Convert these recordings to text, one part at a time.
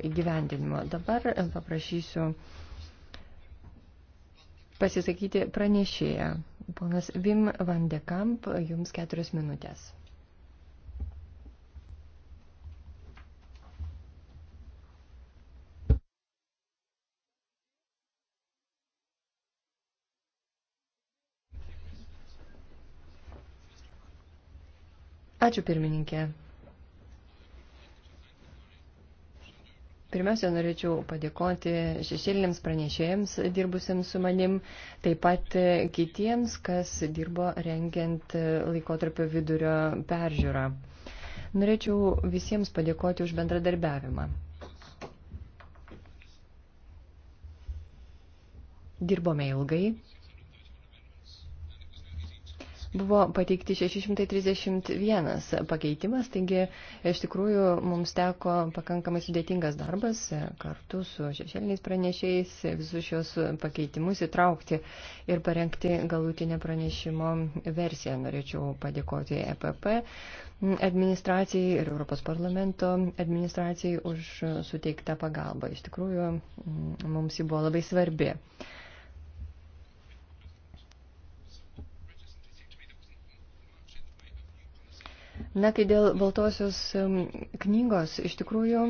įgyvendinimo. Dabar e, paprašysiu pasisakyti pranešėją. Ponas Vim van de Kamp, jums keturios minutės. Ačiū pirmininkė. Pirmiausia, norėčiau padėkoti šešėliniams pranešėjams dirbusiems su manim, taip pat kitiems, kas dirbo rengiant laikotarpio vidurio peržiūrą. Norėčiau visiems padėkoti už bendradarbiavimą. Dirbome ilgai, Buvo pateikti 631 pakeitimas, taigi iš tikrųjų mums teko pakankamai sudėtingas darbas kartu su šešėliniais pranešėjais visus šios pakeitimus įtraukti ir parengti galutinę pranešimo versiją. Norėčiau padėkoti EPP administracijai ir Europos parlamento administracijai už suteiktą pagalbą. Iš tikrųjų, mums ji buvo labai svarbi. Na, kai dėl Baltosios knygos, iš tikrųjų,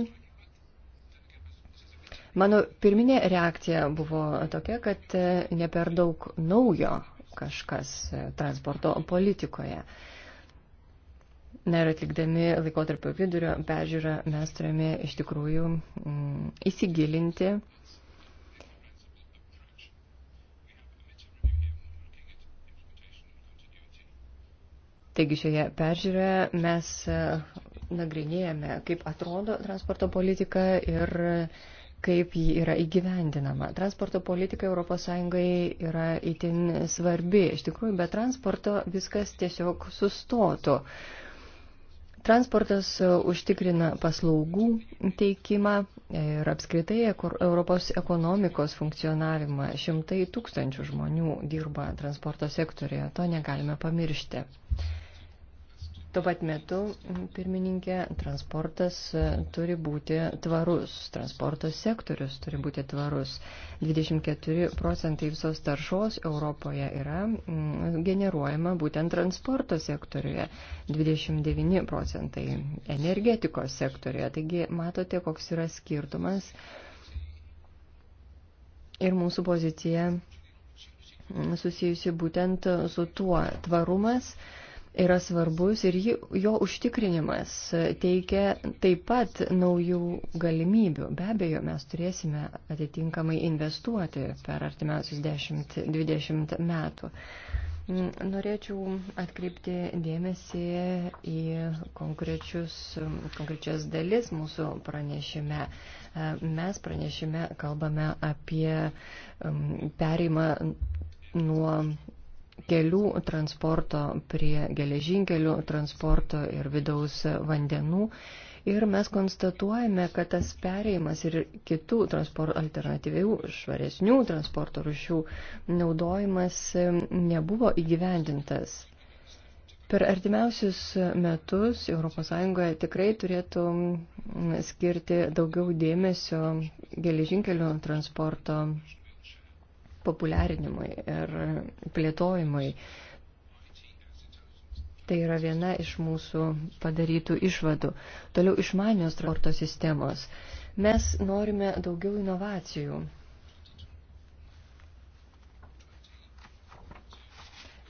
mano pirminė reakcija buvo tokia, kad e, ne per daug naujo kažkas e, transporto politikoje. Na ir atlikdami laikotarpio vidurio pežiūrą mes turime iš tikrųjų mm, įsigilinti Taigi šioje peržiūroje mes e, nagrinėjame, kaip atrodo transporto politika ir kaip ji yra įgyvendinama. Transporto politika ES yra itin svarbi. Iš tikrųjų, be transporto viskas tiesiog sustotų. Transportas užtikrina paslaugų teikimą ir apskritai Europos ekonomikos funkcionavimą. Šimtai tūkstančių žmonių dirba transporto sektorėje, to negalime pamiršti. Tuo pat metu, pirmininkė, transportas e, turi būti tvarus, transporto sektorius turi būti tvarus. 24 procentai visos taršos Europoje yra generuojama būtent transporto sektoriuje, 29 procentai energetikos sektoriuje. Taigi matote, koks yra skirtumas ir mūsų pozicija susijusi būtent su tuo tvarumas yra svarbus ir jo užtikrinimas teikia taip pat naujų galimybių. Be abejo, mes turėsime atitinkamai investuoti per artimiausius 10-20 metų. Norėčiau atkreipti dėmesį į konkrečias dalis mūsų pranešime. Mes pranešime kalbame apie um, perimą nuo kelių transporto, prie geležinkelių transporto ir vidaus vandenų. Ir mes konstatuojame, kad tas pereimas ir kitų transporto alternatyvių, švaresnių transporto rušių naudojimas nebuvo įgyvendintas. Per artimiausius metus ES tikrai turėtų skirti daugiau dėmesio geležinkelių transporto populiarinimui ir plėtojimui. Tai yra viena iš mūsų padarytų išvadų. Toliau išmanios transporto sistemos. Mes norime daugiau inovacijų.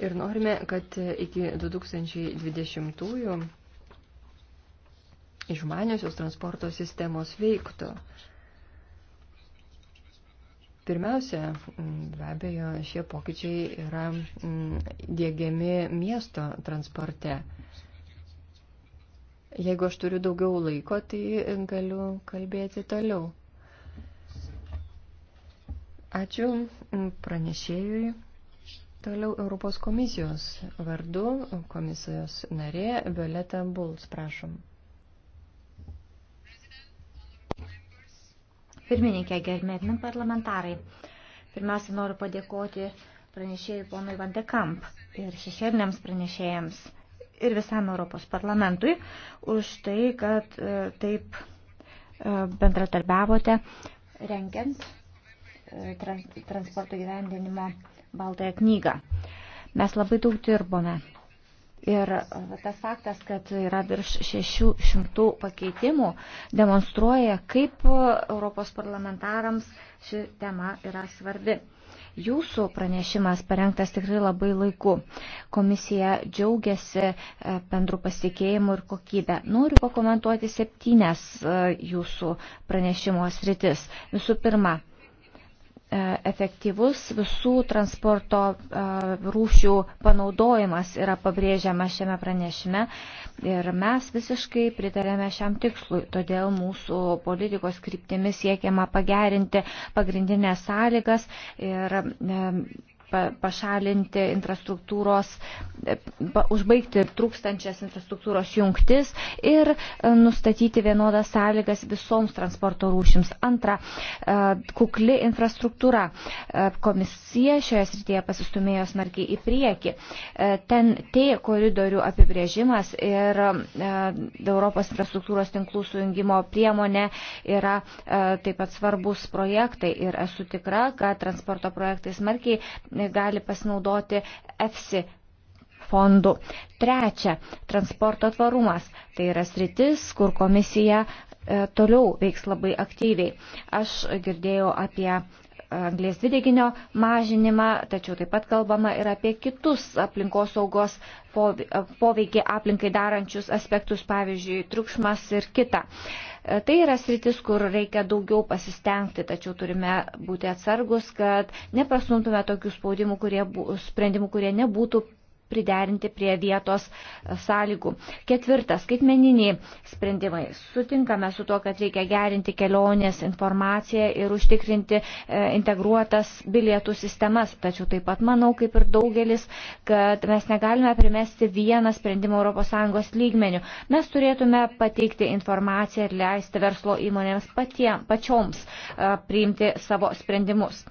Ir norime, kad iki 2020-ųjų išmaniosios transporto sistemos veiktų. Pirmiausia, mm, be abejo, šie pokyčiai yra mm, dėgiami miesto transporte. Jeigu aš turiu daugiau laiko, tai galiu kalbėti toliau. Ačiū mm, pranešėjui. Toliau Europos komisijos vardu komisijos narė Violeta Bulc, prašom. Pirmininkė, gerbėtinam parlamentarai. Pirmiausia, noriu padėkoti pranešėjui ponui Van de Kamp ir šešėliniams pranešėjams ir visam Europos parlamentui už tai, kad e, taip e, bendratarbiavote rengiant e, transporto gyvendinimo baltąją knygą. Mes labai daug dirbome Ir tas faktas, kad yra virš 600 pakeitimų, demonstruoja, kaip e, Europos parlamentarams ši tema yra svarbi. Jūsų pranešimas parengtas tikrai labai laiku. Komisija džiaugiasi e, bendrų pasitikėjimų ir kokybę. Noriu pakomentuoti septynes e, jūsų pranešimo sritis. Visų pirma, E, efektyvus visų transporto e, rūšių panaudojimas yra pabrėžiama šiame pranešime ir mes visiškai pritarėme šiam tikslui. Todėl mūsų politikos kryptimis siekiama pagerinti pagrindinės sąlygas ir e, pašalinti infrastruktūros, e, užbaigti trūkstančias infrastruktūros jungtis ir e, nustatyti vienodas sąlygas visoms transporto rūšims. Antra, e, kukli infrastruktūra. Komisija šioje srityje pasistumėjo smarkiai į priekį. Ten T koridorių apibrėžimas ir Europos infrastruktūros tinklų sujungimo priemonė yra taip pat svarbus projektai ir esu tikra, kad transporto projektai smarkiai gali pasinaudoti EFSI fondų. Trečia, transporto tvarumas. Tai yra sritis, kur komisija e, toliau veiks labai aktyviai. Aš girdėjau apie anglės dvideginio mažinimą, tačiau taip pat kalbama ir apie kitus aplinkosaugos poveikį aplinkai darančius aspektus, pavyzdžiui, triukšmas ir kita. E, tai yra sritis, kur reikia daugiau pasistengti, tačiau turime būti atsargus, kad neprasumtume tokių spaudimų, kurie, sprendimų, kurie nebūtų priderinti prie vietos sąlygų. Ketvirtas, skaitmeniniai sprendimai. Sutinkame su tuo, kad reikia gerinti kelionės informaciją ir užtikrinti e, integruotas bilietų sistemas. Tačiau taip pat manau, kaip ir daugelis, kad mes negalime primesti vieną sprendimą ES lygmenių. Mes turėtume pateikti informaciją ir leisti verslo įmonėms patie, pačioms e, priimti savo sprendimus.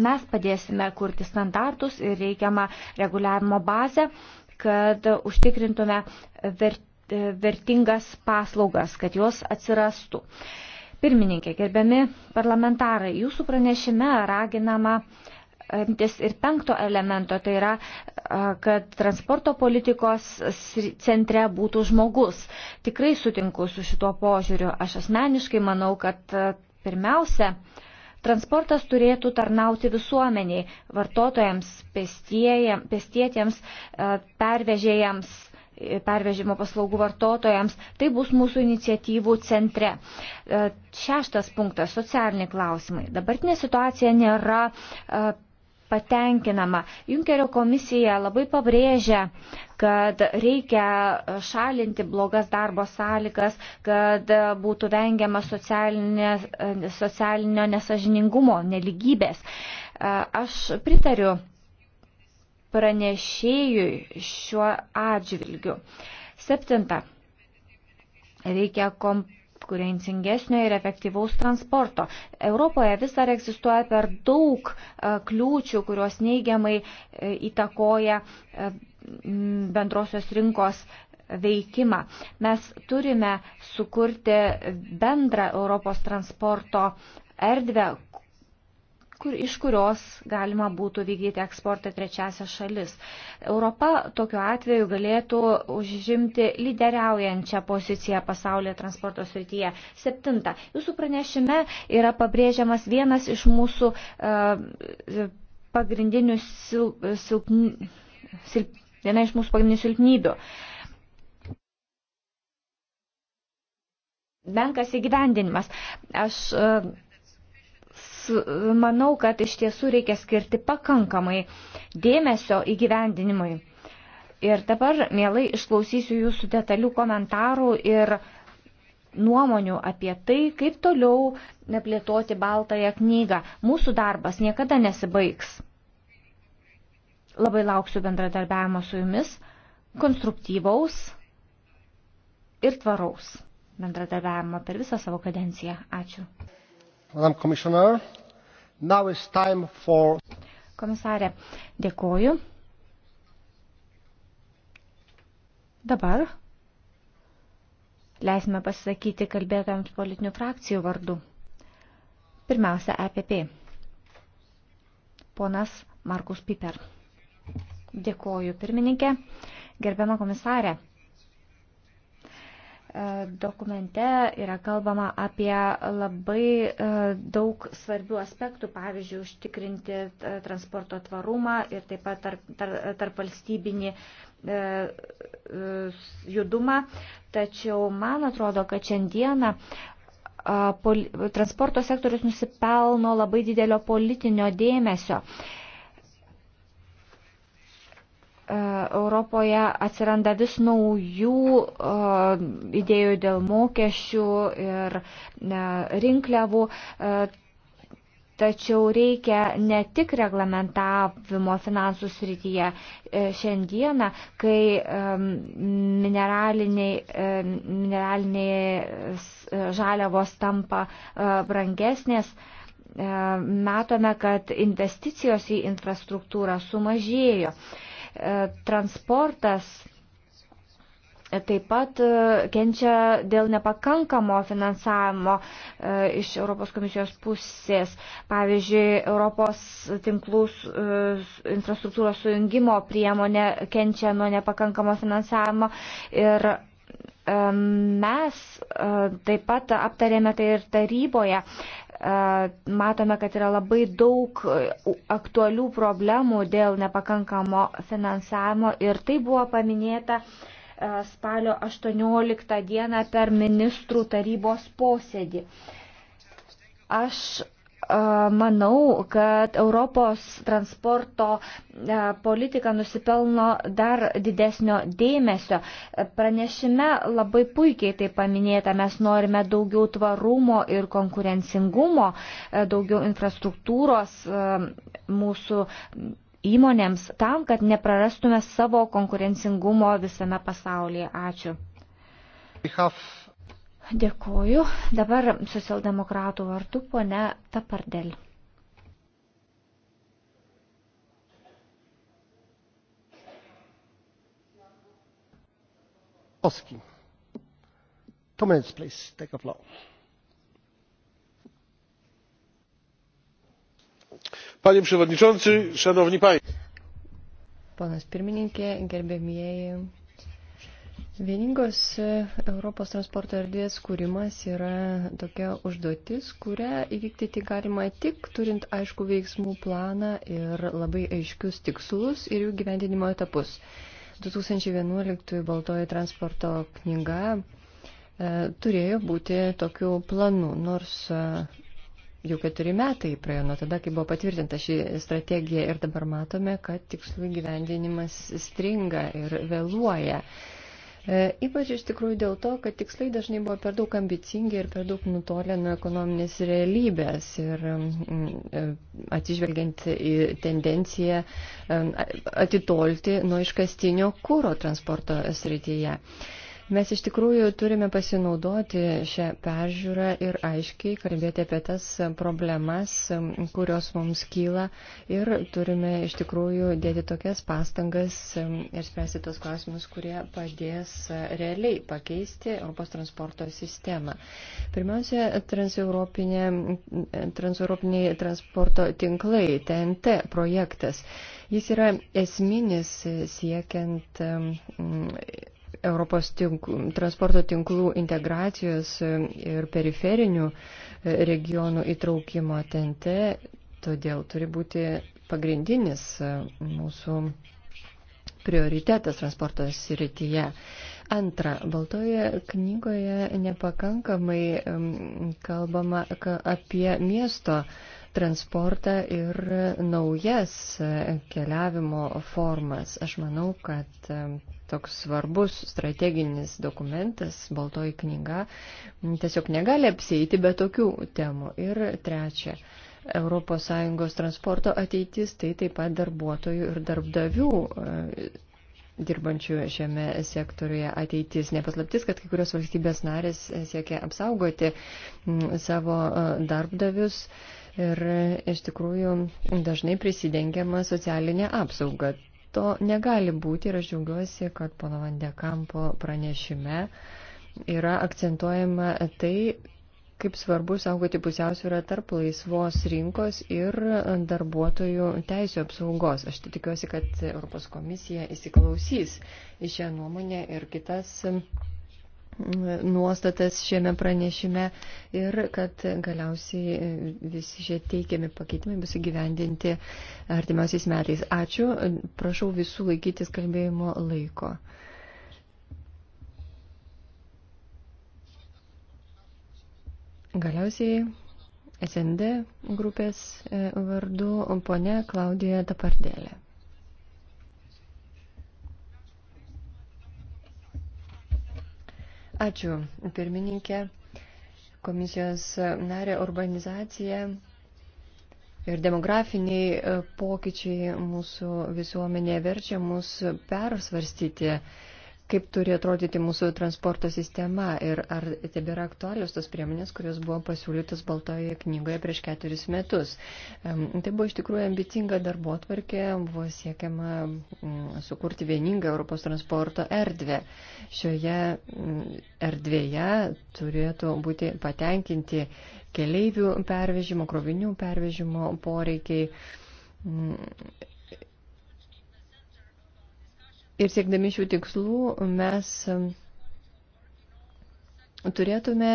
Mes padėsime kurti standartus ir reikiamą reguliavimo bazę, kad užtikrintume vertingas paslaugas, kad jos atsirastų. Pirmininkė, gerbiami parlamentarai, jūsų pranešime raginama imtis ir penkto elemento, tai yra, kad transporto politikos centre būtų žmogus. Tikrai sutinku su šituo požiūriu. Aš asmeniškai manau, kad pirmiausia, Transportas turėtų tarnauti visuomeniai, vartotojams, pestietiems, e, pervežėjams e, pervežimo paslaugų vartotojams. Tai bus mūsų iniciatyvų centre. E, šeštas punktas - socialiniai klausimai. Dabartinė situacija nėra patenkinama. Junkerio komisija labai pabrėžia, kad reikia šalinti blogas darbo sąlygas, kad būtų vengiama socialinio nesažiningumo, neligybės. Aš pritariu pranešėjui šiuo atžvilgiu. Septinta. Reikia komp konkurencingesnio ir efektyvaus transporto. Europoje vis dar egzistuoja per daug e, kliūčių, kurios neigiamai e, įtakoja e, bendrosios rinkos veikimą. Mes turime sukurti bendrą Europos transporto erdvę, kur, iš kurios galima būtų vykdyti eksportą trečiasią šalis. Europa tokiu atveju galėtų užimti lyderiaujančią poziciją pasaulyje transporto srityje. Septinta, jūsų pranešime yra pabrėžiamas vienas iš mūsų uh, pagrindinių sil, silpn, sil, viena iš mūsų pagrindinių silpnybių. Menkas įgyvendinimas. Aš uh, manau, kad iš tiesų reikia skirti pakankamai dėmesio įgyvendinimui. Ir dabar mielai išklausysiu jūsų detalių komentarų ir nuomonių apie tai, kaip toliau plėtoti baltąją knygą. Mūsų darbas niekada nesibaigs. Labai lauksiu bendradarbiavimo su jumis, konstruktyvaus ir tvaraus bendradarbiavimo per visą savo kadenciją. Ačiū. For... Komisarė, dėkoju. Dabar leisime pasisakyti kalbėtojams politinių frakcijų vardu. Pirmiausia, EPP. Ponas Markus Piper. Dėkoju, pirmininkė. Gerbiama komisarė. Dokumente yra kalbama apie labai e, daug svarbių aspektų, pavyzdžiui, užtikrinti e, transporto tvarumą ir taip pat tarp, tarp, tarp valstybinį e, judumą. Tačiau man atrodo, kad šiandieną transporto sektorius nusipelno labai didelio politinio dėmesio. E, Europoje atsiranda vis naujų e, idėjų dėl mokesčių ir e, rinkliavų. Tačiau reikia ne tik reglamentavimo finansų srityje šiandieną, kai mineraliniai, mineraliniai žaliavos tampa brangesnės matome, kad investicijos į infrastruktūrą sumažėjo. E, transportas taip pat e, kenčia dėl nepakankamo finansavimo e, iš Europos komisijos pusės. Pavyzdžiui, Europos tinklus infrastruktūros sujungimo priemonė kenčia nuo nepakankamo finansavimo ir mes taip pat aptarėme tai ir taryboje matome, kad yra labai daug e, aktualių problemų dėl nepakankamo finansavimo ir tai buvo paminėta e, spalio 18 dieną per ministrų tarybos posėdį. Aš manau, kad Europos transporto politika nusipelno dar didesnio dėmesio. Pranešime labai puikiai tai paminėta, mes norime daugiau tvarumo ir konkurencingumo, daugiau infrastruktūros mūsų įmonėms tam, kad neprarastume savo konkurencingumo visame pasaulyje. Ačiū. We have Dėkoju. Dabar socialdemokratų vardu pone Tapardel. Oski. Two minutes, please. Take a floor. Panie przewodniczący, szanowni państwo. Ponas pirmininkė, gerbėmieji Vieningos e, Europos transporto erdvės kūrimas yra tokia užduotis, kurią įvykdyti galima tik turint aišku veiksmų planą ir labai aiškius tikslus ir jų gyvendinimo etapus. 2011 Baltoji transporto knyga e, turėjo būti tokiu planu, nors e, jau keturi metai praėjo nuo tada, kai buvo patvirtinta ši strategija ir dabar matome, kad tikslų gyvendinimas stringa ir vėluoja. E, E, ypač iš tikrųjų dėl to, kad tikslai dažnai buvo per daug ambicingi ir per daug nutolę nuo ekonominės realybės. Ir e, atsižvelgiant į tendenciją e, atitolti nuo iškastinio kūro transporto srityje. Mes iš tikrųjų turime pasinaudoti šią peržiūrą ir aiškiai kalbėti apie tas problemas, kurios mums kyla ir turime iš tikrųjų dėti tokias pastangas ir spręsti tos klausimus, kurie padės realiai pakeisti Europos transporto sistemą. Pirmiausia, transeuropiniai transporto tinklai, TNT projektas. Jis yra esminis siekiant Europos tinklų, transporto tinklų integracijos e, ir periferinių e, regionų įtraukimo tente, todėl turi būti pagrindinis e, mūsų prioritetas transporto srityje. Antra, Baltoje knygoje nepakankamai kalbama apie miesto transportą ir naujas keliavimo formas. Aš manau, kad toks svarbus strateginis dokumentas, baltoji knyga, tiesiog negali apsėti be tokių temų. Ir trečia, ES transporto ateitis, tai taip pat darbuotojų ir darbdavių e, dirbančių šiame sektoriuje ateitis. Nepaslaptis, kad kai kurios valstybės narės siekia apsaugoti savo e, darbdavius ir e, iš tikrųjų dažnai prisidengiama socialinė apsauga to negali būti ir aš džiaugiuosi, kad pono Vandekampo pranešime yra akcentuojama tai, kaip svarbu saugoti pusiausvyrą tarp laisvos rinkos ir darbuotojų teisų apsaugos. Aš tikiuosi, kad Europos komisija įsiklausys į šią nuomonę ir kitas nuostatas šiame pranešime ir kad galiausiai e, visi šie teikiami pakeitimai bus įgyvendinti artimiausiais metais. Ačiū, prašau visų laikytis kalbėjimo laiko. Galiausiai SND grupės e, vardu ponė Klaudija Tapardėlė. Ačiū, pirmininkė. Komisijos narė urbanizacija ir demografiniai e, pokyčiai mūsų visuomenėje verčia mus persvarstyti kaip turi atrodyti mūsų transporto sistema ir ar tebėra aktualios tos priemonės, kurios buvo pasiūlytos Baltojoje knygoje prieš keturis metus. Tai buvo iš tikrųjų ambicinga darbo atvarkė, buvo siekiama sukurti vieningą Europos transporto erdvę. Šioje erdvėje turėtų būti patenkinti keleivių pervežimo, krovinių pervežimo poreikiai Ir siekdami šių tikslų mes turėtume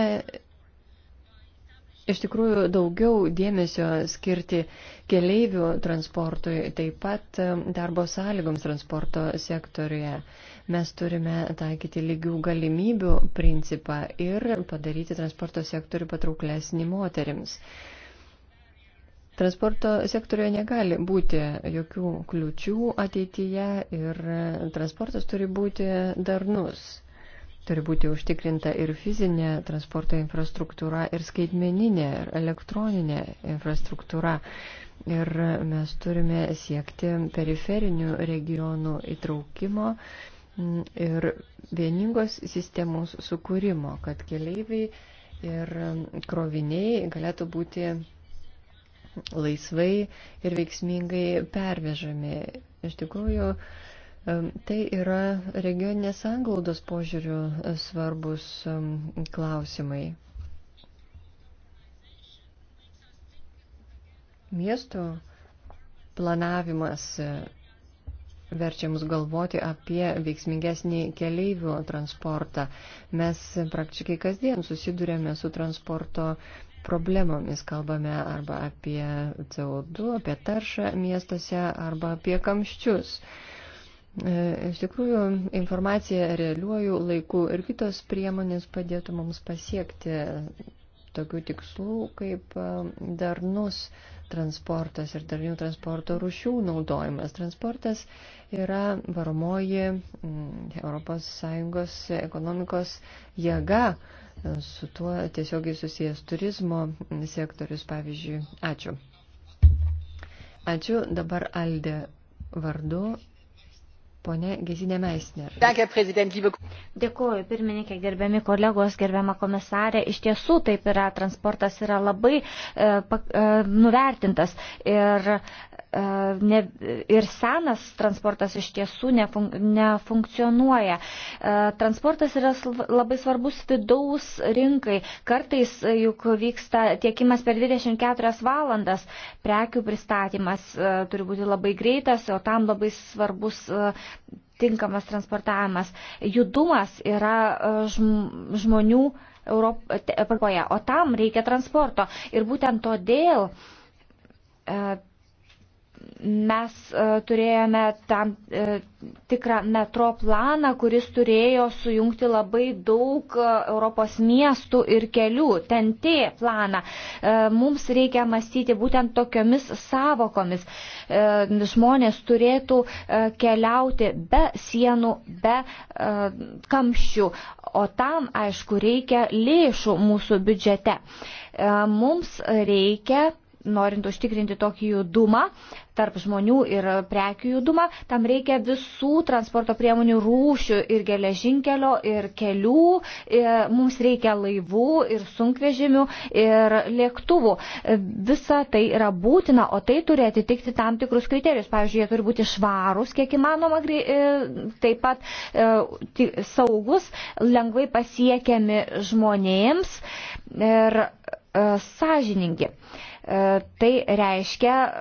iš tikrųjų daugiau dėmesio skirti keleivių transportui, taip pat darbo sąlygoms transporto sektoriuje. Mes turime taikyti lygių galimybių principą ir padaryti transporto sektorių patrauklesnį moterims. Transporto sektorioje negali būti jokių kliučių ateityje ir transportas turi būti darnus. Turi būti užtikrinta ir fizinė transporto infrastruktūra, ir skaitmeninė, ir elektroninė infrastruktūra. Ir mes turime siekti periferinių regionų įtraukimo mm, ir vieningos sistemos sukūrimo, kad keleiviai ir mm, kroviniai galėtų būti laisvai ir veiksmingai pervežami. Iš tikrųjų, tai yra regioninės anglaudos požiūrių e, svarbus klausimai. Miesto planavimas e, verčia mus galvoti apie veiksmingesnį keleivių transportą. Mes praktiškai kasdien susidurėme su transporto problemomis. Kalbame arba apie CO2, apie taršą miestuose, arba apie kamščius. E, iš tikrųjų, informacija realiuoju laiku ir kitos priemonės padėtų mums pasiekti tokių tikslų kaip e, darnus transportas ir darnių transporto rušių naudojimas. Transportas yra varomoji ES ekonomikos jėga su tuo tiesiogiai susijęs turizmo sektorius, pavyzdžiui. Ačiū. Ačiū. Dabar Aldė vardu Pone Gezinė Meisner. Dėkuoju, pirmininkė, gerbiami kolegos, gerbiama komisarė. Iš tiesų taip yra, transportas yra labai e, pa, e, nuvertintas. Ir, e, ne, ir senas transportas iš tiesų nefunk, nefunkcionuoja. E, transportas yra labai svarbus vidaus rinkai. Kartais juk vyksta tiekimas per 24 valandas. Prekių pristatymas e, turi būti labai greitas, o tam labai svarbus. E, tinkamas transportavimas. Judumas yra e, žmonių Europoje, o tam reikia transporto. Ir būtent todėl e, mes e, turėjome tam e, tikrą metro planą, kuris turėjo sujungti labai daug e, Europos miestų ir kelių, TNT planą. Mums reikia mąstyti būtent tokiomis savokomis. Žmonės turėtų keliauti be sienų, be kamščių, o tam, aišku, reikia lėšų mūsų biudžete. Mums reikia norint užtikrinti tokį judumą tarp žmonių ir prekių judumą, tam reikia visų transporto priemonių rūšių ir geležinkelio, ir kelių, ir mums reikia laivų, ir sunkvežimių, ir lėktuvų. Visa tai yra būtina, o tai turi atitikti tam tikrus kriterijus. Pavyzdžiui, jie turi būti švarūs, kiek įmanoma, e, taip pat e, saugus, lengvai pasiekiami žmonėms ir e, sąžiningi. E, tai reiškia e,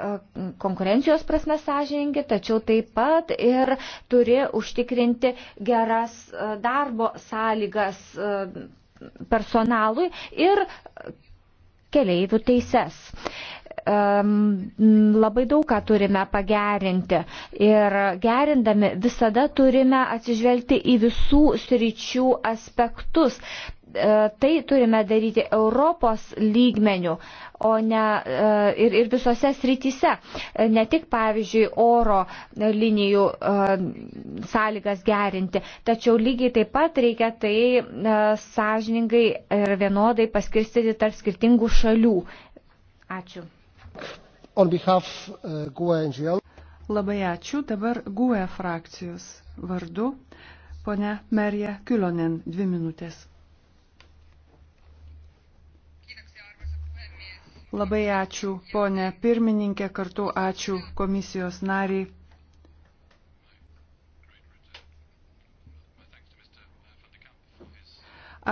konkurencijos prasme sąžininkai, tačiau taip pat ir turi užtikrinti geras e, darbo sąlygas personalui ir keleivių teises labai daug ką turime pagerinti ir gerindami visada turime atsižvelgti į visų sričių aspektus. E, tai turime daryti Europos lygmenių o ne e, ir, ir visose srityse. E, ne tik, pavyzdžiui, oro linijų sąlygas gerinti, tačiau lygiai taip pat reikia tai sąžiningai ir vienodai paskirstyti tarp skirtingų šalių. Ačiū. On behalf uh, GUE NGL. Labai ačiū. Dabar GUE frakcijos vardu. Pone Merija Kilonen, dvi minutės. Labai ačiū, ponė pirmininkė, kartu ačiū komisijos nariai.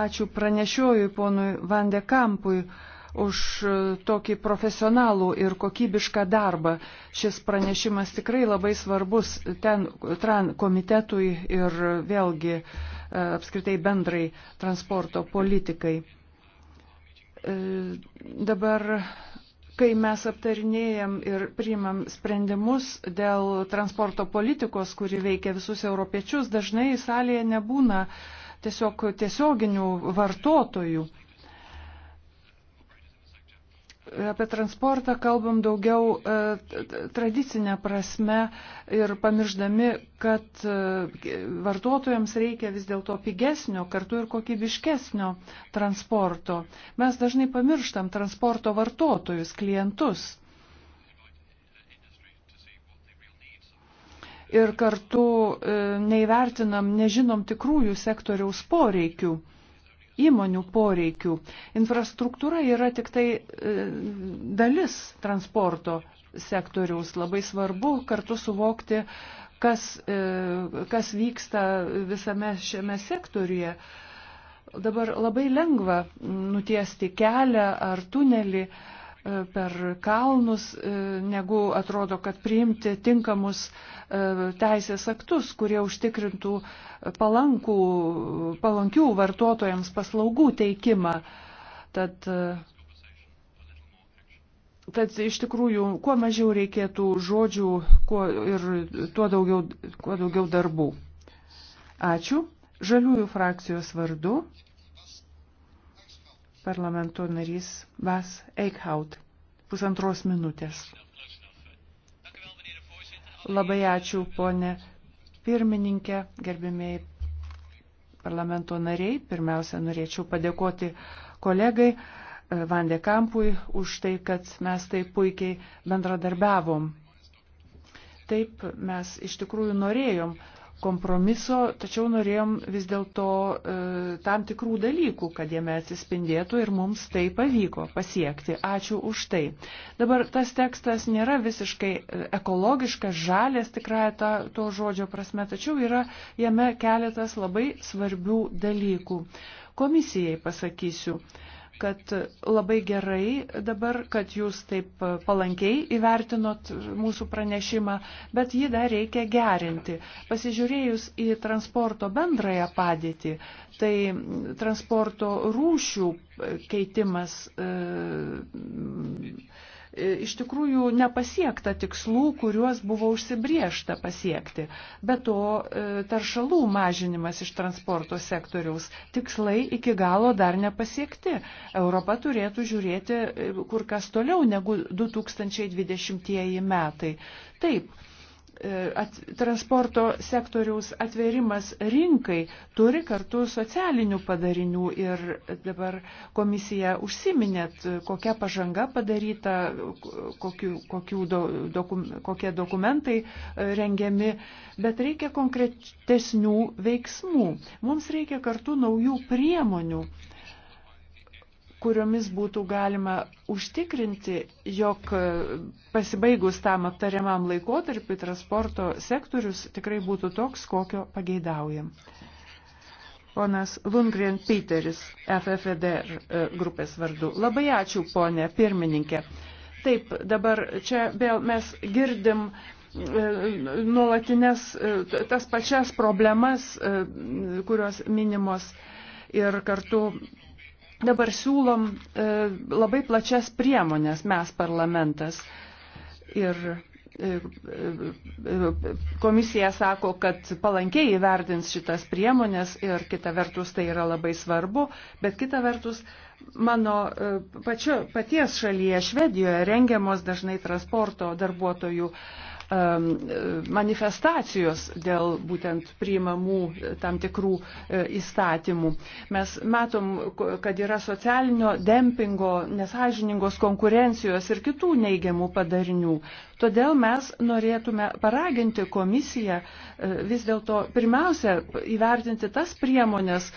Ačiū pranešiojui ponui Vandekampui už tokį profesionalų ir kokybišką darbą. Šis pranešimas tikrai labai svarbus ten tran komitetui ir vėlgi e, apskritai bendrai transporto politikai. E, dabar, kai mes aptarinėjom ir priimam sprendimus dėl transporto politikos, kuri veikia visus europiečius, dažnai salėje nebūna tiesiog tiesioginių vartotojų apie transportą kalbam daugiau e, tradicinę prasme ir pamirždami, kad e, vartotojams reikia vis dėlto pigesnio, kartu ir kokybiškesnio transporto. Mes dažnai pamirštam transporto vartotojus, klientus. Ir kartu e, neįvertinam, nežinom tikrųjų sektoriaus poreikių įmonių poreikių. Infrastruktūra yra tik tai e, dalis transporto sektoriaus. Labai svarbu kartu suvokti, kas, e, kas vyksta visame šiame sektoriuje. Dabar labai lengva nutiesti kelią ar tunelį per kalnus, e, negu atrodo, kad priimti tinkamus e, teisės aktus, kurie užtikrintų palankų, palankių vartotojams paslaugų teikimą. Tad, e, tad iš tikrųjų, kuo mažiau reikėtų žodžių kuo ir tuo daugiau, kuo daugiau darbų. Ačiū. Žaliųjų frakcijos vardu parlamento narys Vas Eichhaut. Pusantros minutės. Labai ačiū, ponė pirmininkė, gerbimiai parlamento nariai. Pirmiausia, norėčiau padėkoti kolegai e, Vandė Kampui už tai, kad mes taip puikiai bendradarbiavom. Taip mes iš tikrųjų norėjom kompromiso, tačiau norėjom vis dėlto e, tam tikrų dalykų, kad jame atsispindėtų ir mums tai pavyko pasiekti. Ačiū už tai. Dabar tas tekstas nėra visiškai e, ekologiškas, žalės tikrai ta, to žodžio prasme, tačiau yra jame keletas labai svarbių dalykų. Komisijai pasakysiu. E, kad labai gerai dabar, kad jūs taip palankiai įvertinot mūsų pranešimą, bet jį dar reikia gerinti. Pasižiūrėjus į transporto bendrąją padėtį, tai transporto rūšių keitimas. E, E, iš tikrųjų nepasiekta tikslų, kuriuos buvo užsibriešta pasiekti. Be to, e, taršalų mažinimas iš transporto sektoriaus tikslai iki galo dar nepasiekti. Europa turėtų žiūrėti e, kur kas toliau negu 2020 metai. Taip, E, transporto sektoriaus atverimas rinkai turi kartu socialinių padarinių ir dabar komisija užsiminėt, kokia pažanga padaryta, kokiu, kokiu do, dokum, kokie dokumentai e, rengiami, bet reikia konkretesnių veiksmų. Mums reikia kartu naujų priemonių kuriomis būtų galima užtikrinti, jog pasibaigus tam aptariamam laikotarpiu transporto sektorius tikrai būtų toks, kokio pageidaujam. Ponas Lundgren Peteris, FFDR e, grupės vardu. Labai ačiū, ponė pirmininkė. Taip, dabar čia vėl mes girdim e, nuolatines e, tas pačias problemas, kurios minimos ir kartu dabar siūlom e, labai plačias priemonės mes parlamentas. Ir e, e, komisija sako, kad palankiai įvertins šitas priemonės ir kita vertus tai yra labai svarbu, bet kita vertus mano e, pačio, paties šalyje Švedijoje rengiamos dažnai transporto darbuotojų e, manifestacijos dėl būtent priimamų tam tikrų e, įstatymų. Mes matom, kad yra socialinio dempingo, nesažiningos konkurencijos ir kitų neigiamų padarinių. Todėl mes norėtume paraginti komisiją e, vis dėlto pirmiausia įvertinti tas priemonės,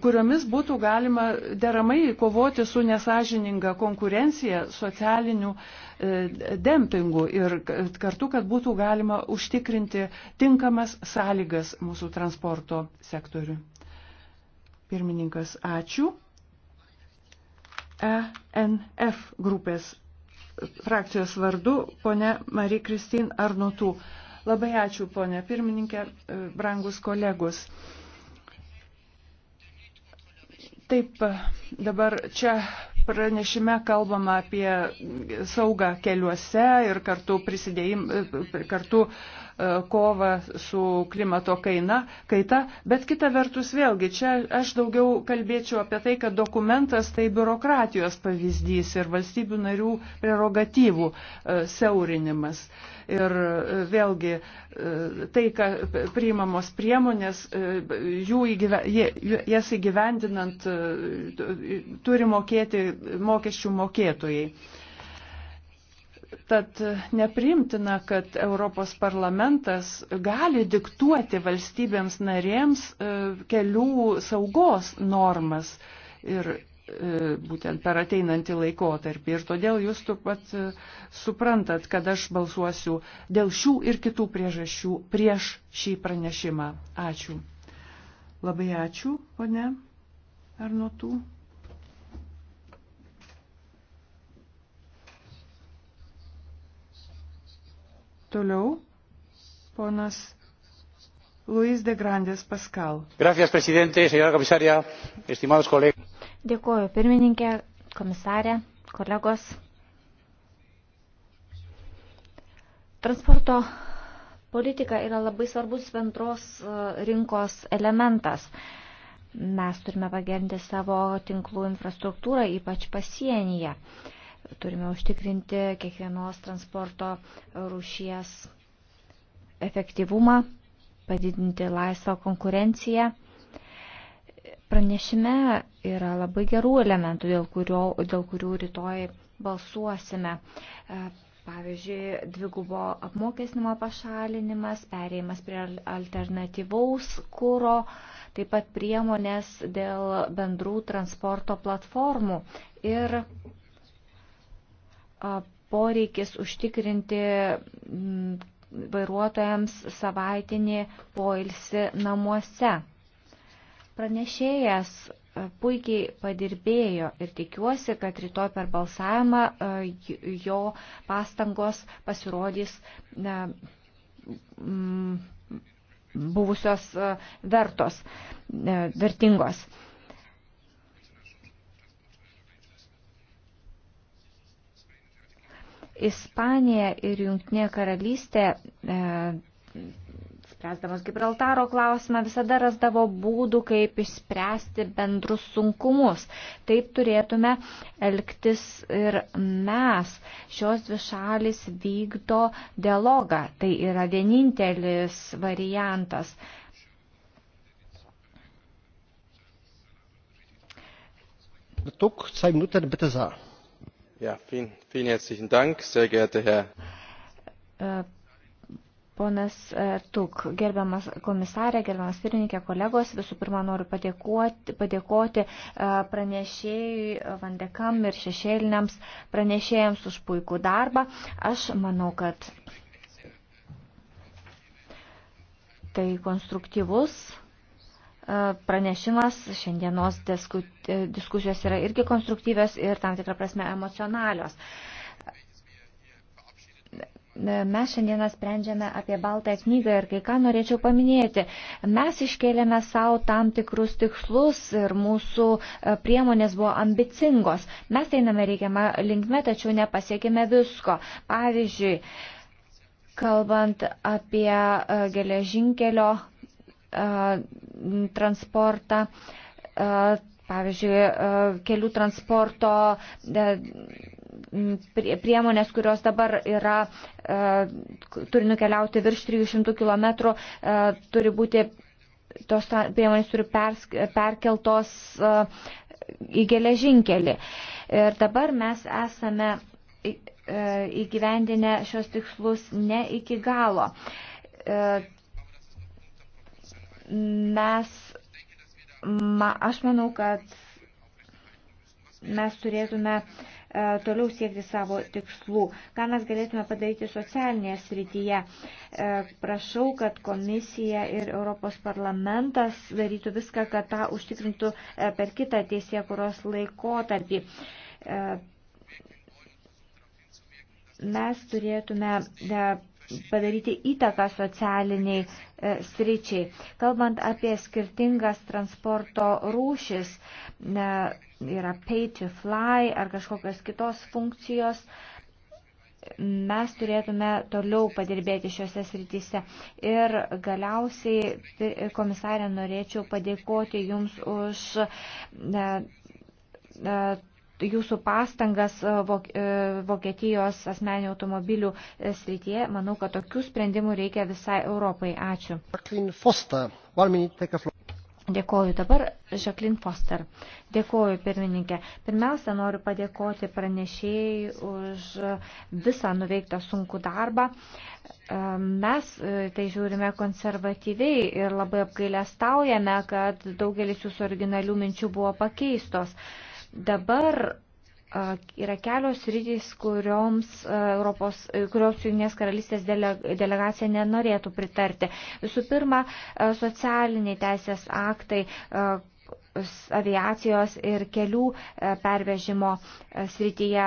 kuriomis būtų galima deramai kovoti su nesažininga konkurencija socialiniu E, dempingu ir kartu, kad būtų galima užtikrinti tinkamas sąlygas mūsų transporto sektoriui. Pirmininkas, ačiū. ENF grupės frakcijos vardu ponė Marie Kristin Arnotų. Labai ačiū, ponė pirmininkė, e, brangus kolegos. Taip, dabar čia Pranešime kalbama apie saugą keliuose ir kartu, e, kartu E, kovą su klimato kaina, kaita, bet kita vertus vėlgi čia aš daugiau kalbėčiau apie tai, kad dokumentas tai biurokratijos pavyzdys ir valstybių narių prerogatyvų e, siaurinimas. Ir e, vėlgi tai, kad priimamos priemonės, įgyve, jas įgyvendinant turi mokėti mokesčių mokėtojai. Tad nepriimtina, kad Europos parlamentas gali diktuoti valstybėms narėms e, kelių saugos normas ir e, būtent per ateinantį laikotarpį. Ir todėl jūs taip pat e, suprantat, kad aš balsuosiu dėl šių ir kitų priežasčių prieš šį pranešimą. Ačiū. Labai ačiū, ponė Arnotų. Toliau ponas Luis de Grandes Pascal. Gracias, presidente, señora komisarė, estimados kolegos. Dėkuoju, pirmininkė, komisarė, kolegos. Transporto politika yra labai svarbus bendros e, rinkos elementas. Mes turime pagerinti savo tinklų infrastruktūrą, ypač pasienyje. Uh, Turime užtikrinti kiekvienos transporto rūšies efektyvumą, padidinti laisvą konkurenciją. Pranešime yra labai gerų elementų, dėl, kurio, dėl kurių rytoj balsuosime. E, pavyzdžiui, dvigubo apmokesnimo pašalinimas, perėjimas prie alternatyvaus kūro, taip pat priemonės dėl bendrų transporto platformų ir poreikis užtikrinti mm, vairuotojams savaitinį poilsį namuose. Pranešėjas puikiai padirbėjo ir tikiuosi, kad rytoj per balsavimą jo pastangos pasirodys mm, buvusios vertos, vertingos. Ispanija ir Junktinė karalystė, e, spręsdamos Gibraltaro klausimą, visada rasdavo būdų, kaip išspręsti bendrus sunkumus. Taip turėtume elgtis ir mes. Šios dvi šalis vykdo dialogą. Tai yra vienintelis variantas. Tuk, 2 minutės, bet za. Ja, vielen, vielen herzlichen Dank, sehr geehrter Herr. Äh, ponas äh, Tuk, gerbiamas komisarė, gerbiamas pirmininkė, kolegos, visų pirma noriu padėkoti, padėkoti äh, pranešėjui Vandekam ir šešėliniams pranešėjams už puikų darbą. Aš manau, kad tai konstruktyvus pranešimas šiandienos diskusijos yra irgi konstruktyvios ir tam tikrą prasme emocionalios. Mes šiandieną sprendžiame apie baltąją knygą ir kai ką norėčiau paminėti. Mes iškėlėme savo tam tikrus tikslus ir mūsų e, priemonės buvo ambicingos. Mes einame reikiamą linkme, tačiau nepasiekime visko. Pavyzdžiui, kalbant apie e, geležinkelio E, transportą, e, pavyzdžiui, e, kelių transporto priemonės, kurios dabar yra, turi nukeliauti virš 300 km, turi būti, tos priemonės turi perkeltos į geležinkelį. Ir dabar mes esame įgyvendinę šios tikslus ne iki galo Mes, ma, aš manau, kad mes turėtume e, toliau siekti savo tikslų. Ką mes galėtume padaryti socialinėje srityje? E, prašau, kad komisija ir Europos parlamentas darytų viską, kad tą užtikrintų e, per kitą teisė, kurios laikotarpį. Mes turėtume padaryti įtaką socialiniai e, sričiai. Kalbant apie skirtingas transporto rūšis, yra pay to fly ar kažkokios kitos funkcijos, mes turėtume toliau padirbėti šiuose srityse. Ir galiausiai, tai, komisarė, norėčiau padėkoti Jums už jūsų pastangas e, e, Vokietijos asmeninių automobilių e, srityje. Manau, kad tokių sprendimų reikia visai Europai. Ačiū. Dėkoju dabar, Žaklin Foster. Dėkoju, pirmininkė. Pirmiausia, noriu padėkoti pranešėjai už visą nuveiktą sunkų darbą. Mes tai žiūrime konservatyviai ir labai apgailę staujame, kad daugelis jūsų originalių minčių buvo pakeistos. Dabar yra kelios rytis, kurioms, Europos, kurioms Junginės karalystės dele, delegacija nenorėtų pritarti. Visų pirma, socialiniai teisės aktai aviacijos ir kelių pervežimo srityje,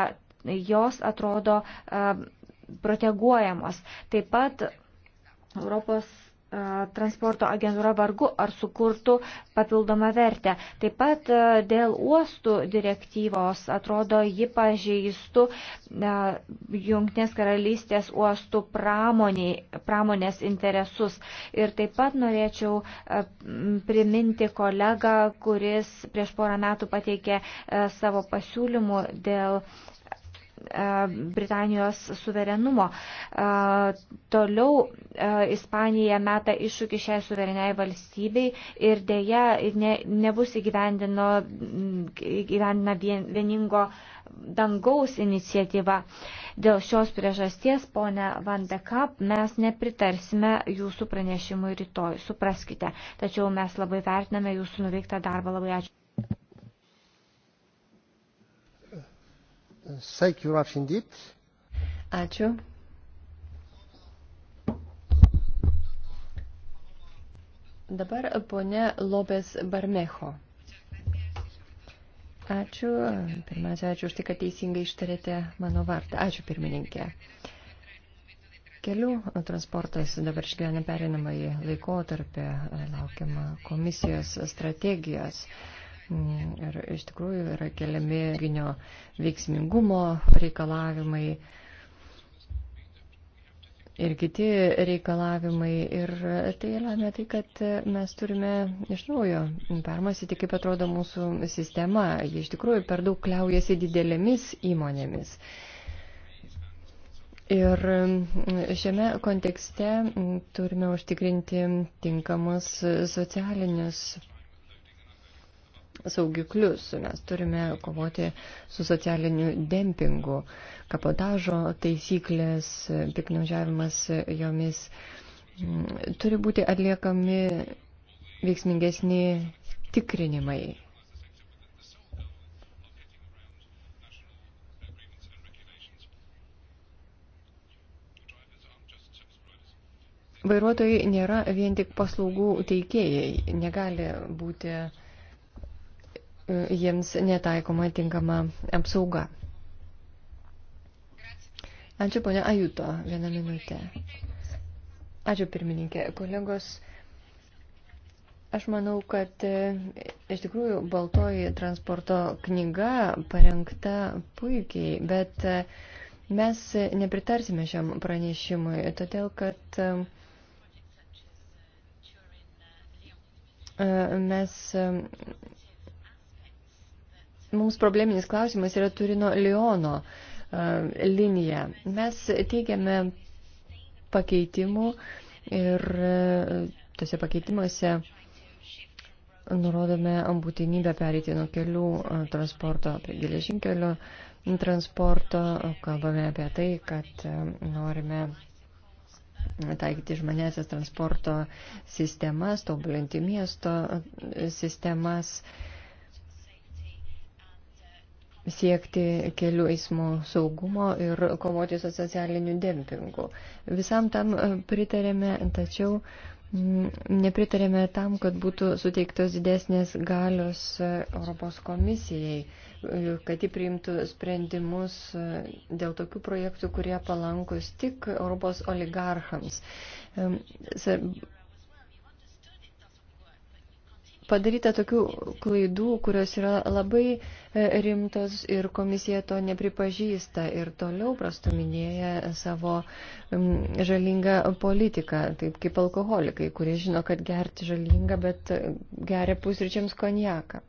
jos atrodo proteguojamos. Taip pat Europos E, transporto agentūra vargu ar sukurtų papildomą vertę. Taip pat e, dėl uostų direktyvos atrodo ji pažeistų e, Junktinės karalystės uostų pramonį, pramonės interesus. Ir taip pat norėčiau priminti kolegą, kuris prieš porą metų pateikė savo pasiūlymų dėl E, Britanijos suverenumo. E, toliau e, Ispanija meta iššūkį šiai suvereniai valstybei ir dėja ne, nebus įgyvendina vieningo dangaus iniciatyva. Dėl šios priežasties, ponė Van de Kap, mes nepritarsime jūsų pranešimui rytoj, supraskite. Tačiau mes labai vertiname jūsų nuveiktą darbą, labai ačiū. Thank you much indeed. Ačiū. Dabar ponia Lopes Barmecho. Ačiū. Pirmiausia, ačiū už tai, kad teisingai ištarėte mano vardą. Ačiū, pirmininkė. Kelių transportas dabar išgyvena perinamąjį laikotarpį, laukiama komisijos strategijos. Uh, Ir iš tikrųjų yra keliami renginio veiksmingumo reikalavimai ir kiti reikalavimai. Ir tai lemia tai, kad mes turime iš naujo permasyti, kaip atrodo mūsų sistema. Ji iš tikrųjų per daug kliaujasi didelėmis įmonėmis. Ir šiame kontekste turime užtikrinti tinkamus socialinius saugiklius. Mes turime kovoti su socialiniu dempingu. Kapotažo taisyklės, piknaudžiavimas jomis mm, turi būti atliekami veiksmingesni tikrinimai. Vairuotojai nėra vien tik paslaugų teikėjai, negali būti uh, jiems netaikoma tinkama apsauga. Ačiū, ponia Ajuto, vieną minutę. Ačiū, pirmininkė. Kolegos, aš manau, kad e, iš tikrųjų baltoji transporto knyga parengta puikiai, bet e, mes nepritarsime šiam pranešimui, todėl kad e, mes mums probleminis klausimas yra Turino Liono e, linija. Mes teigiame pakeitimų ir e, tose pakeitimuose nurodome būtinybę pereiti nuo kelių e, transporto prie geležinkelio transporto, kalbame apie tai, kad norime taikyti žmonėsias transporto sistemas, tobulinti miesto sistemas. Uh, siekti kelių eismų saugumo ir kovoti su socialiniu dempingu. Visam tam e, pritarėme, tačiau mm, nepritarėme tam, kad būtų suteiktos didesnės galios e, Europos komisijai, e, kad ji priimtų sprendimus dėl tokių projektų, kurie palankus tik Europos oligarchams padaryta tokių klaidų, kurios yra labai e, rimtos ir komisija to nepripažįsta ir toliau prastuminėja savo žalingą politiką, taip kaip alkoholikai, kurie žino, kad gerti žalinga, bet geria pusryčiams konjaką.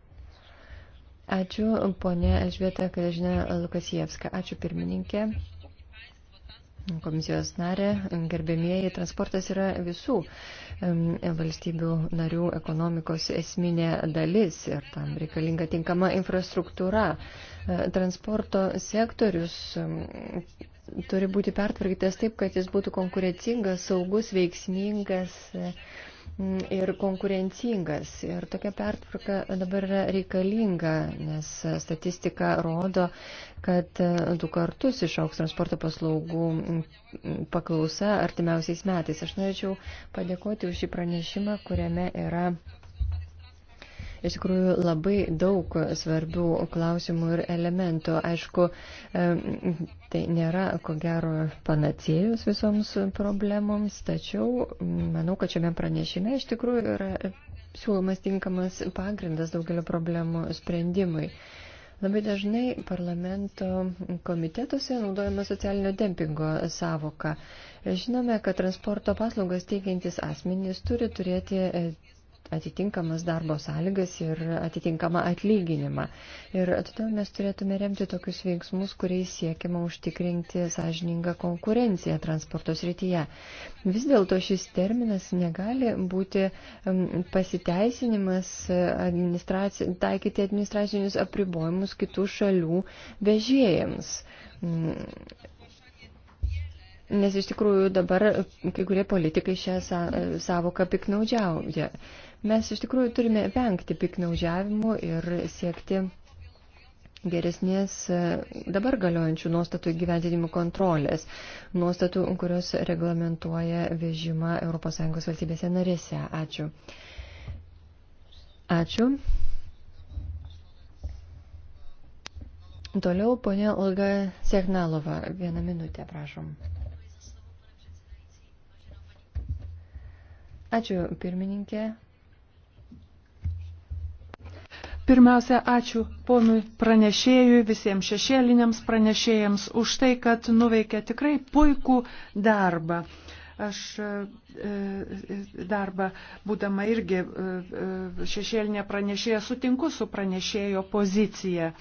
Ačiū, ponė Elžbieta Kaležina Lukasievska. Ačiū pirmininkė komisijos narė, gerbėmieji, transportas yra visų valstybių narių ekonomikos esminė dalis ir tam reikalinga tinkama infrastruktūra. E, transporto sektorius turi būti pertvarkytas taip, kad jis būtų konkurencingas, saugus, veiksmingas Mm, ir konkurencingas. Ir tokia pertvarka dabar yra reikalinga, nes e, statistika rodo, kad e, du kartus išauks transporto paslaugų paklausa artimiausiais metais. Aš norėčiau padėkoti už šį pranešimą, kuriame yra Iš tikrųjų, labai daug svarbių klausimų ir elementų. Aišku, tai nėra, ko gero, panacėjus visoms problemoms, tačiau manau, kad šiame pranešime iš tikrųjų yra siūlomas tinkamas pagrindas daugelio problemų sprendimui. Labai dažnai parlamento komitetuose naudojama socialinio dempingo savoka. Žinome, kad transporto paslaugas teikiantis asmenys turi turėti atitinkamas darbo sąlygas ir atitinkamą atlyginimą. Ir todėl mes turėtume remti tokius veiksmus, kuriais siekiama užtikrinti sąžiningą konkurenciją transporto srityje. Vis dėlto šis terminas negali būti pasiteisinimas administraci... taikyti administracinius apribojimus kitų šalių vežėjams. Nes iš tikrųjų dabar kai kurie politikai šią savoką piknaudžiauja. Mes iš tikrųjų turime vengti piknaužiavimų ir siekti geresnės e, dabar galiojančių nuostatų įgyvendinimų kontrolės, nuostatų, kurios reglamentuoja vežimą ES valstybėse narėse. Ačiū. Ačiū. Toliau ponia Olga Sechnalova. Vieną minutę, prašom. Ačiū, pirmininkė. Pirmiausia, ačiū ponui pranešėjui, visiems šešėliniams pranešėjams už tai, kad nuveikė tikrai puikų darbą. Aš e, e, darbą, būdama irgi e, šešėlinė pranešėja, sutinku su pranešėjo pozicija.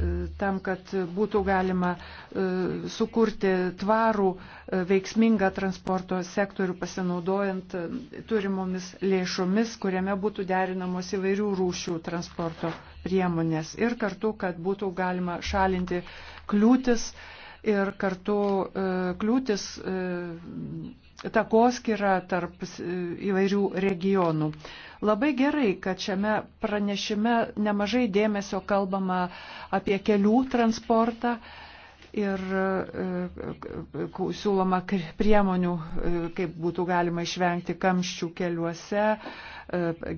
E, tam, kad būtų galima e, sukurti tvarų, e, veiksmingą transporto sektorių pasinaudojant turimomis lėšomis, kuriame būtų derinamos įvairių rūšių transporto priemonės ir kartu, kad būtų galima šalinti kliūtis ir kartu kliūtis takoskirą tarp e, įvairių regionų. Labai gerai, kad šiame pranešime nemažai dėmesio kalbama apie kelių transportą ir e, siūloma priemonių, e, kaip būtų galima išvengti kamščių keliuose,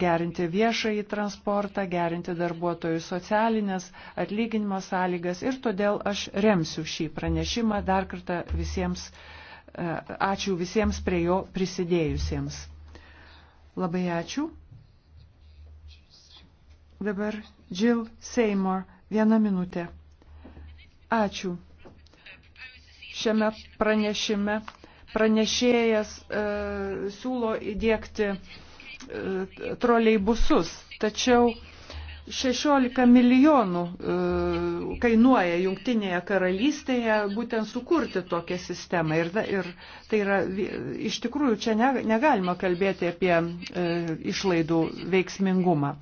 gerinti viešąjį transportą, gerinti darbuotojų socialinės atlyginimo sąlygas ir todėl aš remsiu šį pranešimą. Dar kartą visiems E, ačiū visiems prie jo prisidėjusiems. Labai ačiū. Dabar Jill Seymour, vieną minutę. Ačiū. Šiame pranešime pranešėjas e, siūlo įdėkti e, troliai busus, tačiau e, 16 milijonų e, kainuoja Jungtinėje karalystėje būtent sukurti tokią sistemą. Ir, ir tai yra, iš tikrųjų, čia negalima kalbėti apie e, išlaidų veiksmingumą.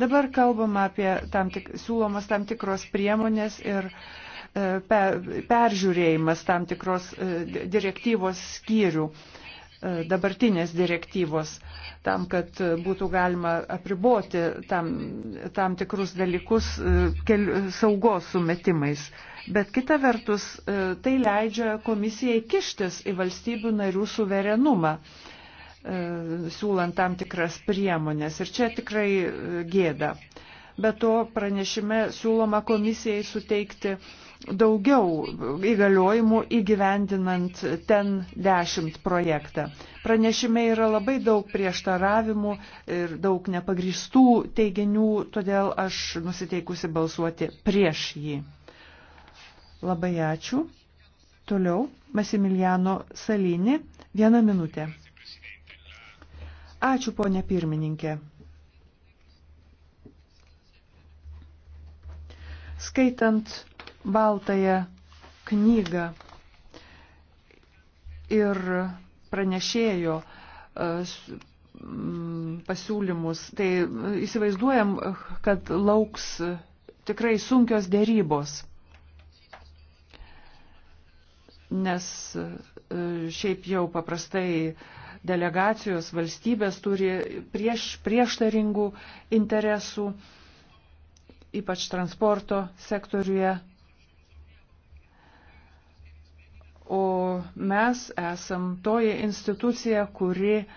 Dabar kalbama apie tam tik, siūlomas tam tikros priemonės ir e, peržiūrėjimas tam tikros direktyvos skyrių. E, dabartinės direktyvos, tam, kad būtų galima apriboti tam, tam tikrus dalykus e, kel, saugos sumetimais. Bet kita vertus, e, tai leidžia komisijai kištis į valstybių narių suverenumą, siūlant tam tikras priemonės. Ir čia tikrai gėda. Be to, pranešime siūloma komisijai suteikti uh, daugiau įgaliojimų įgyvendinant ten 10 projektą. Pranešime yra labai daug prieštaravimų ir daug nepagristų teiginių, todėl aš nusiteikusi balsuoti prieš jį. Labai ačiū. Toliau Masimiljano Salinį. Vieną minutę. Ačiū, ponė pirmininkė. Skaitant baltąją knygą ir pranešėjo e, pasiūlymus, tai įsivaizduojam, kad lauks tikrai sunkios dėrybos. Nes e, šiaip jau paprastai delegacijos valstybės turi prieš, prieštaringų interesų, ypač transporto sektoriuje o mes esam toje institucija, kuri, e,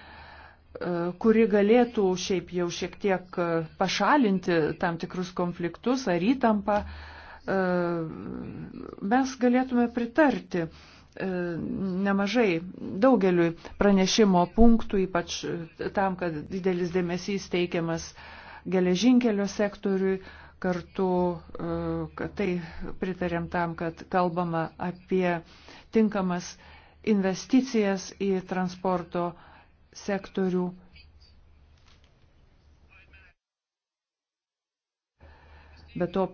kuri galėtų šiaip jau šiek tiek e, pašalinti tam tikrus konfliktus ar įtampą, e, mes galėtume pritarti nemažai daugeliui pranešimo punktų, ypač tam, kad didelis dėmesys teikiamas geležinkelio sektoriui, kartu, e, kad tai pritarėm tam, kad kalbama apie tinkamas investicijas į transporto sektorių. Be to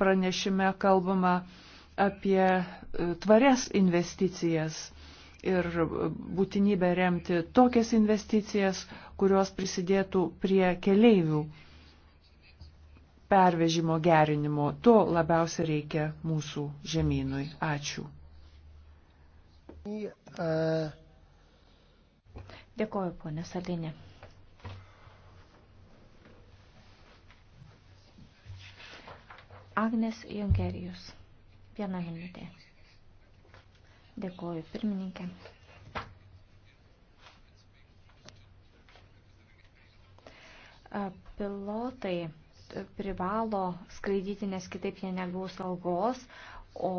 pranešime kalbama apie e, tvarias investicijas ir būtinybę remti tokias investicijas, kurios prisidėtų prie keleivių pervežimo gerinimo. To labiausia reikia mūsų žemynui. Ačiū. Dėkoju, ponė Salinė. Agnes Junkerijus. Vieną minutę. Dėkoju, pirmininkė. Pilotai privalo skraidyti, nes kitaip jie negaus algos, o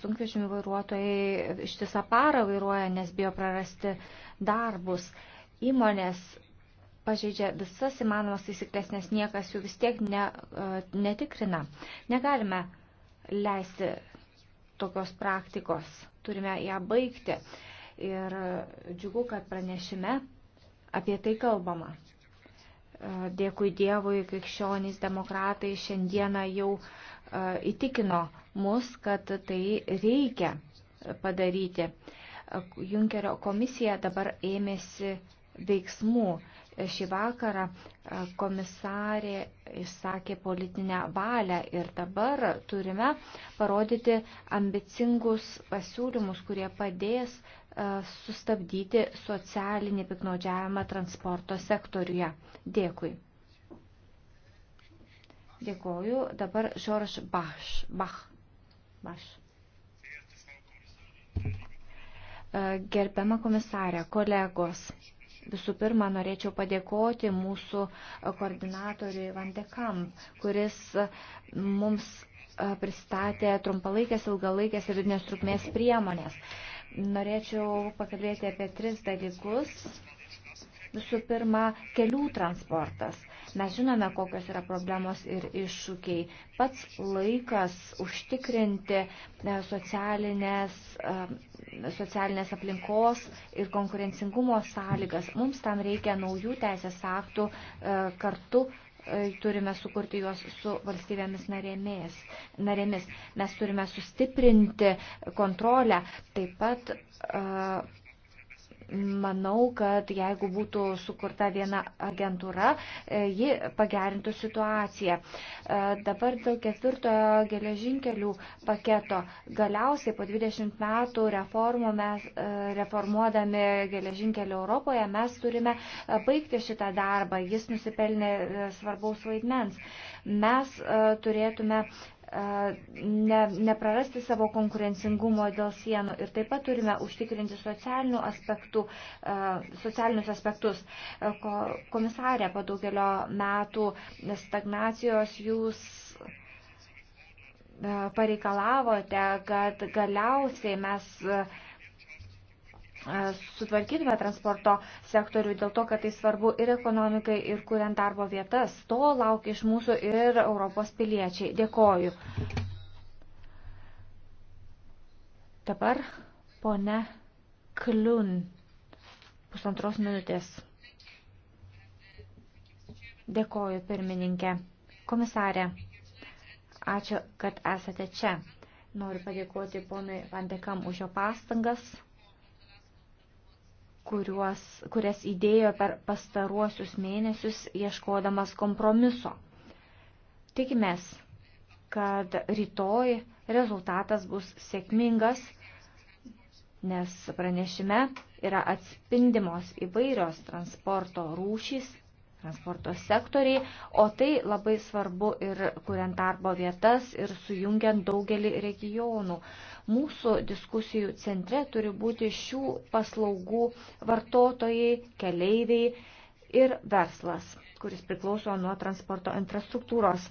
sunkvežimių vairuotojai ištisą parą vairuoja, nes bijo prarasti darbus. Įmonės pažeidžia visas įmanomas taisyklės, nes niekas jų vis tiek ne, e, netikrina. Negalime leisti tokios praktikos, turime ją baigti. Ir džiugu, kad pranešime apie tai kalbama dėkui Dievui, krikščionys, demokratai šiandieną jau e, įtikino mus, kad tai reikia padaryti. Junkerio komisija dabar ėmėsi veiksmų. Šį vakarą e, komisarė išsakė politinę valią ir dabar turime parodyti ambicingus pasiūlymus, kurie padės uh, E, sustabdyti socialinį piknaudžiavimą transporto sektoriuje. Dėkui. Dėkoju. Dabar Žorž Bach. Bach. Bach. E, gerbiama komisarė, kolegos, visų pirma, norėčiau padėkoti mūsų koordinatoriui Vandekam, kuris mums e, pristatė trumpalaikės, ilgalaikės ir vidinės trukmės priemonės. Norėčiau pakalbėti apie tris dalykus. Visų pirma, kelių transportas. Mes žinome, kokios yra problemos ir iššūkiai. Pats laikas užtikrinti e, socialinės, e, socialinės aplinkos ir konkurencingumo sąlygas. Mums tam reikia naujų teisės aktų e, kartu E, turime sukurti juos su valstybėmis narėmis. narėmis. Mes turime sustiprinti kontrolę, taip pat e, Manau, kad jeigu būtų sukurta viena agentūra, e, ji pagerintų situaciją. E, dabar dėl ketvirtojo geležinkelių paketo. Galiausiai po 20 metų reformų mes, e, reformuodami geležinkelių Europoje mes turime baigti šitą darbą. Jis nusipelnė svarbaus vaidmens. Mes turėtume ne, neprarasti savo konkurencingumo dėl sienų ir taip pat turime užtikrinti socialinių aspektų, socialinius aspektus. Komisarė po daugelio metų stagnacijos jūs pareikalavote, kad galiausiai mes E, sutvarkytume transporto sektorių dėl to, kad tai svarbu ir ekonomikai, ir kuriant darbo vietas. To laukia iš mūsų ir Europos piliečiai. Dėkoju. Dabar pone Kliun. Pusantros minutės. Dėkoju, pirmininkė. Komisarė, ačiū, kad esate čia. Noriu padėkoti ponui Vandekam už jo pastangas kuriuos, kurias įdėjo per pastaruosius mėnesius ieškodamas kompromiso. Tikimės, kad rytoj rezultatas bus sėkmingas, nes pranešime yra atspindimos įvairios transporto rūšys transporto sektoriai, o tai labai svarbu ir kuriant darbo vietas ir sujungiant daugelį regionų. Mūsų diskusijų centre turi būti šių paslaugų vartotojai, keleiviai ir verslas, kuris priklauso nuo transporto infrastruktūros.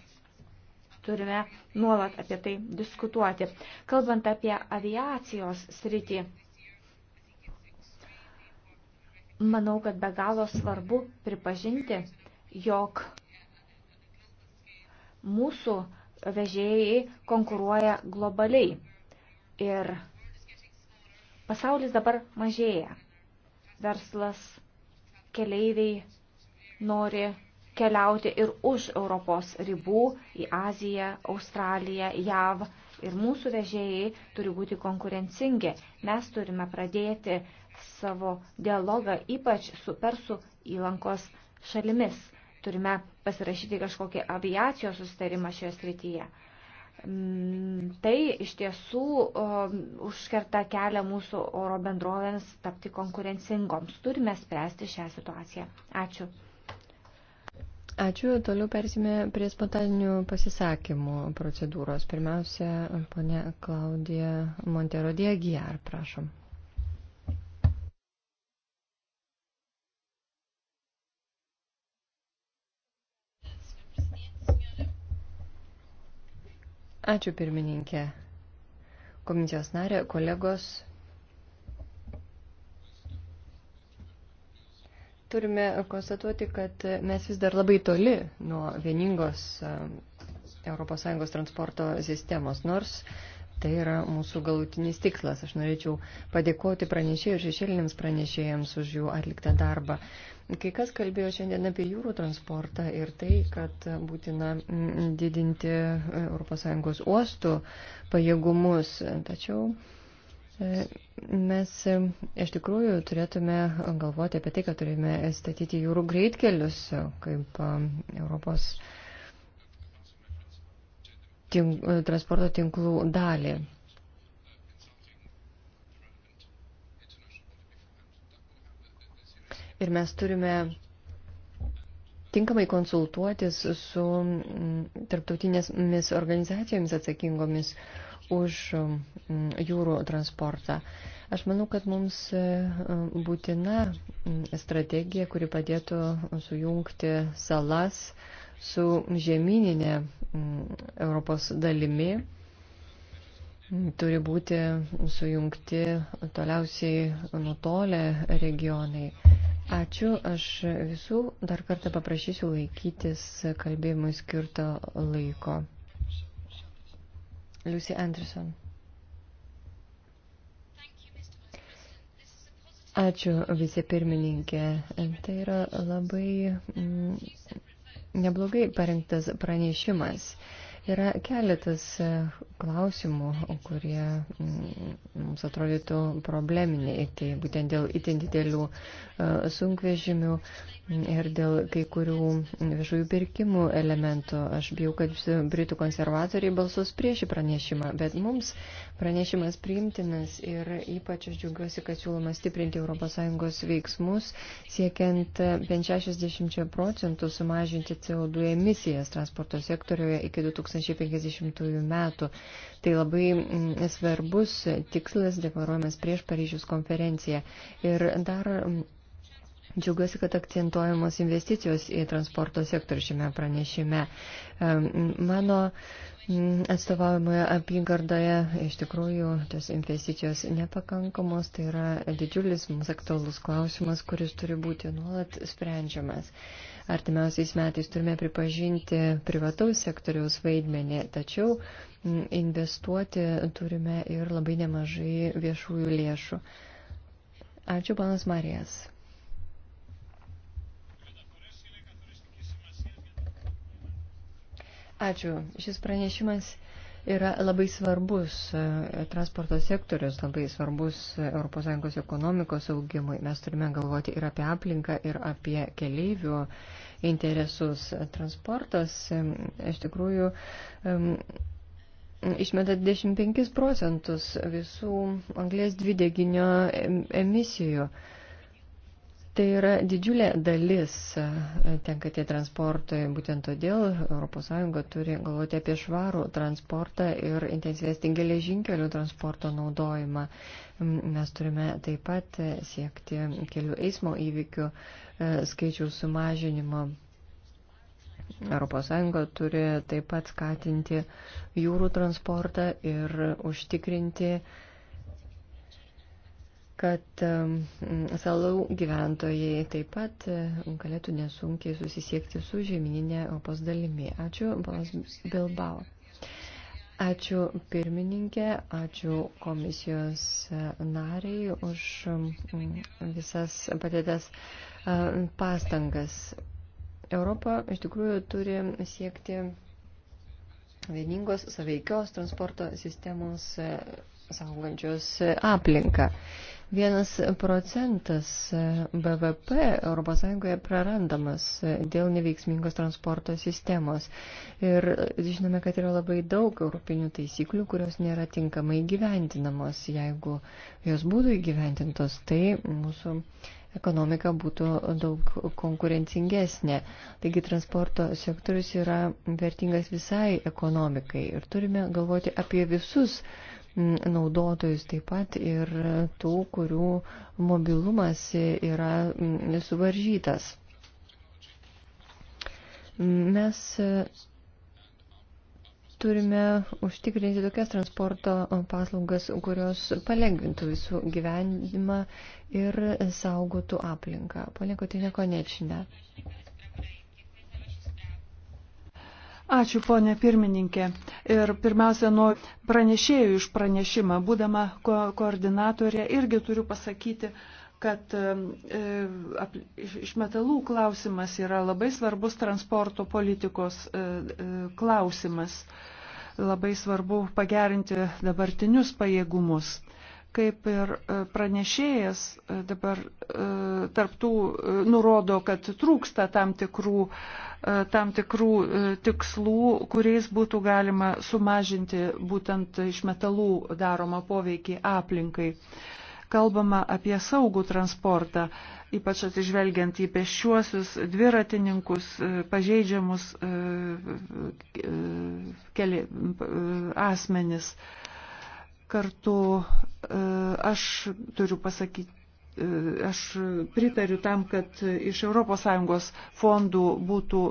Turime nuolat apie tai diskutuoti. Kalbant apie aviacijos sritį, Manau, kad be galo svarbu pripažinti, jog mūsų vežėjai konkuruoja globaliai ir pasaulis dabar mažėja. Verslas, keleiviai nori keliauti ir už Europos ribų į Aziją, Australiją, JAV ir mūsų vežėjai turi būti konkurencingi. Mes turime pradėti uh, savo dialogą ypač su Persų įlankos šalimis. Turime pasirašyti kažkokį aviacijos susitarimą šioje srityje. Mm, tai iš tiesų o, užkerta kelią mūsų oro bendrovėms tapti konkurencingoms. Turime spręsti šią situaciją. Ačiū. Ačiū. Toliau persime prie spontaninių pasisakymų procedūros. Pirmiausia, ponia Klaudija Montero Diegijar, prašom. Ačiū pirmininkė. Komisijos narė, kolegos. Turime konstatuoti, kad mes vis dar labai toli nuo vieningos um, ES transporto sistemos, nors Tai yra mūsų galutinis tikslas. Aš norėčiau padėkoti pranešėjų ir šešėlinėms pranešėjams už jų atliktą darbą. Kai kas kalbėjo šiandien apie jūrų transportą ir tai, kad būtina mm, didinti e, ES uostų pajėgumus. Tačiau e, mes e, iš tikrųjų turėtume galvoti apie tai, kad turime statyti jūrų greitkelius kaip ES tink, e, transporto tinklų dalį. Ir mes turime tinkamai konsultuotis su mm, tarptautinėmis organizacijomis atsakingomis už mm, jūrų transportą. Aš manau, kad mums e, e, būtina mm, strategija, kuri padėtų sujungti salas su žemyninė Mm, Europos dalimi mm, turi būti sujungti toliausiai nutolę regionai. Ačiū, aš visų dar kartą paprašysiu laikytis kalbėjimui skirto laiko. Lucy Anderson. Ačiū vicepirmininkė. Tai yra labai mm, neblogai parengtas pranešimas. Uh, Yra keletas e, klausimų, kurie mm, mums atrodytų probleminiai. Tai būtent dėl itin didelių e, sunkvežimių ir dėl kai kurių viešųjų pirkimų elementų. Aš bijau, kad Britų konservatoriai balsuos prieš šį pranešimą, bet mums pranešimas priimtinas ir ypač aš džiaugiuosi, kad siūloma stiprinti ES veiksmus, siekiant bent 60 procentų sumažinti CO2 emisijas transporto sektoriuje iki 2000. 2050 metų. Tai labai mm, svarbus tikslas deklaruojamas prieš Paryžiaus konferenciją. Ir dar mm, Džiaugiuosi, kad akcentuojamos investicijos į transporto sektorių šiame pranešime. Mano mm, atstovaujamoje apygardoje iš tikrųjų tos investicijos nepakankamos, tai yra didžiulis mums aktualus klausimas, kuris turi būti nuolat sprendžiamas artimiausiais metais turime pripažinti privataus sektoriaus vaidmenį, tačiau investuoti turime ir labai nemažai viešųjų lėšų. Ačiū, panas Marijas. Ačiū. Šis pranešimas yra labai svarbus e, transporto sektorius, labai svarbus ES ekonomikos augimui. Mes turime galvoti ir apie aplinką, ir apie keleivių interesus. Transportas e, iš tikrųjų e, išmeta 25 procentus visų anglės dvideginio emisijų. Tai yra didžiulė dalis e, tenkatie transportui, būtent todėl ES turi galvoti apie švarų transportą ir intensyvesnį geležinkelių transporto naudojimą. Mes turime taip pat siekti kelių eismo įvykių e, skaičių sumažinimo. ES turi taip pat skatinti jūrų transportą ir užtikrinti uh, kad salų gyventojai taip pat galėtų nesunkiai susisiekti su žemyninė Europos dalimi. Ačiū, panas Bilbao. Ačiū pirmininkė, ačiū komisijos e, nariai už visas padėtas e, pastangas. Europa iš tikrųjų turi siekti vieningos saveikios transporto sistemos e, saugančios aplinką. Vienas procentas e, BVP ES prarandamas e, dėl neveiksmingos transporto sistemos. Ir e, žinome, kad yra labai daug europinių taisyklių, kurios nėra tinkamai gyventinamos. Jeigu jos būtų įgyventintos, tai mūsų ekonomika būtų daug konkurencingesnė. Taigi transporto sektorius yra vertingas visai ekonomikai ir turime galvoti apie visus naudotojus taip pat ir tų, kurių mobilumas yra suvaržytas. Mes turime užtikrinti tokias transporto paslaugas, kurios palengvintų visų gyvenimą ir saugotų aplinką. Pone Kotinė Konečinė. Ačiū, ponė pirmininkė. Ir pirmiausia, nuo pranešėjų iš pranešimą, būdama ko koordinatorė, irgi turiu pasakyti, kad e, iš metalų klausimas yra labai svarbus transporto politikos e, e, klausimas. Labai svarbu pagerinti dabartinius pajėgumus kaip ir e, pranešėjas e, dabar e, tarptų nurodo, kad trūksta tam tikrų, tam tikrų tikslų, kuriais būtų galima sumažinti būtent iš metalų daromą poveikį aplinkai. Kalbama apie saugų transportą, ypač atsižvelgiant į pešiuosius, dviratininkus, pažeidžiamus keli, asmenis. Uh, Kartu e, aš turiu pasakyti, e, aš pritariu tam, kad iš ES fondų būtų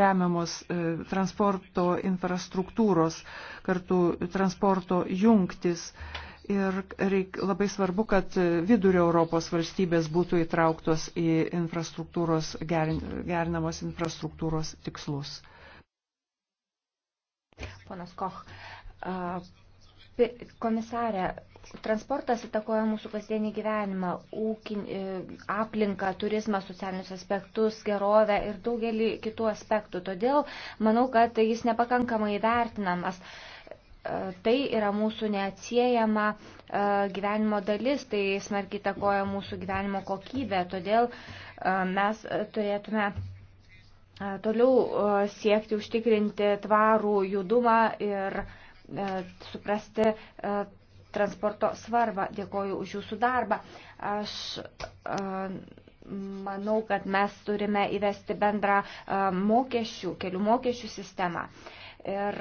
remiamos e, transporto infrastruktūros, kartu transporto jungtis. Ir reik, labai svarbu, kad vidurio Europos valstybės būtų įtrauktos į infrastruktūros, gerin, gerinamos infrastruktūros tikslus. Ponas Koch, Komisarė, transportas įtakoja mūsų kasdienį gyvenimą, ūkin, e, aplinką, turizmą, socialinius aspektus, gerovę ir daugelį kitų aspektų. Todėl manau, kad jis nepakankamai vertinamas e, tai yra mūsų neatsiejama e, gyvenimo dalis, tai smarkiai takoja mūsų gyvenimo kokybę, todėl mes turėtume toliau siekti užtikrinti tvarų judumą ir E, suprasti e, transporto svarbą. Dėkoju už jūsų darbą. Aš e, manau, kad mes turime įvesti bendrą mokesčių, kelių mokesčių sistemą. Ir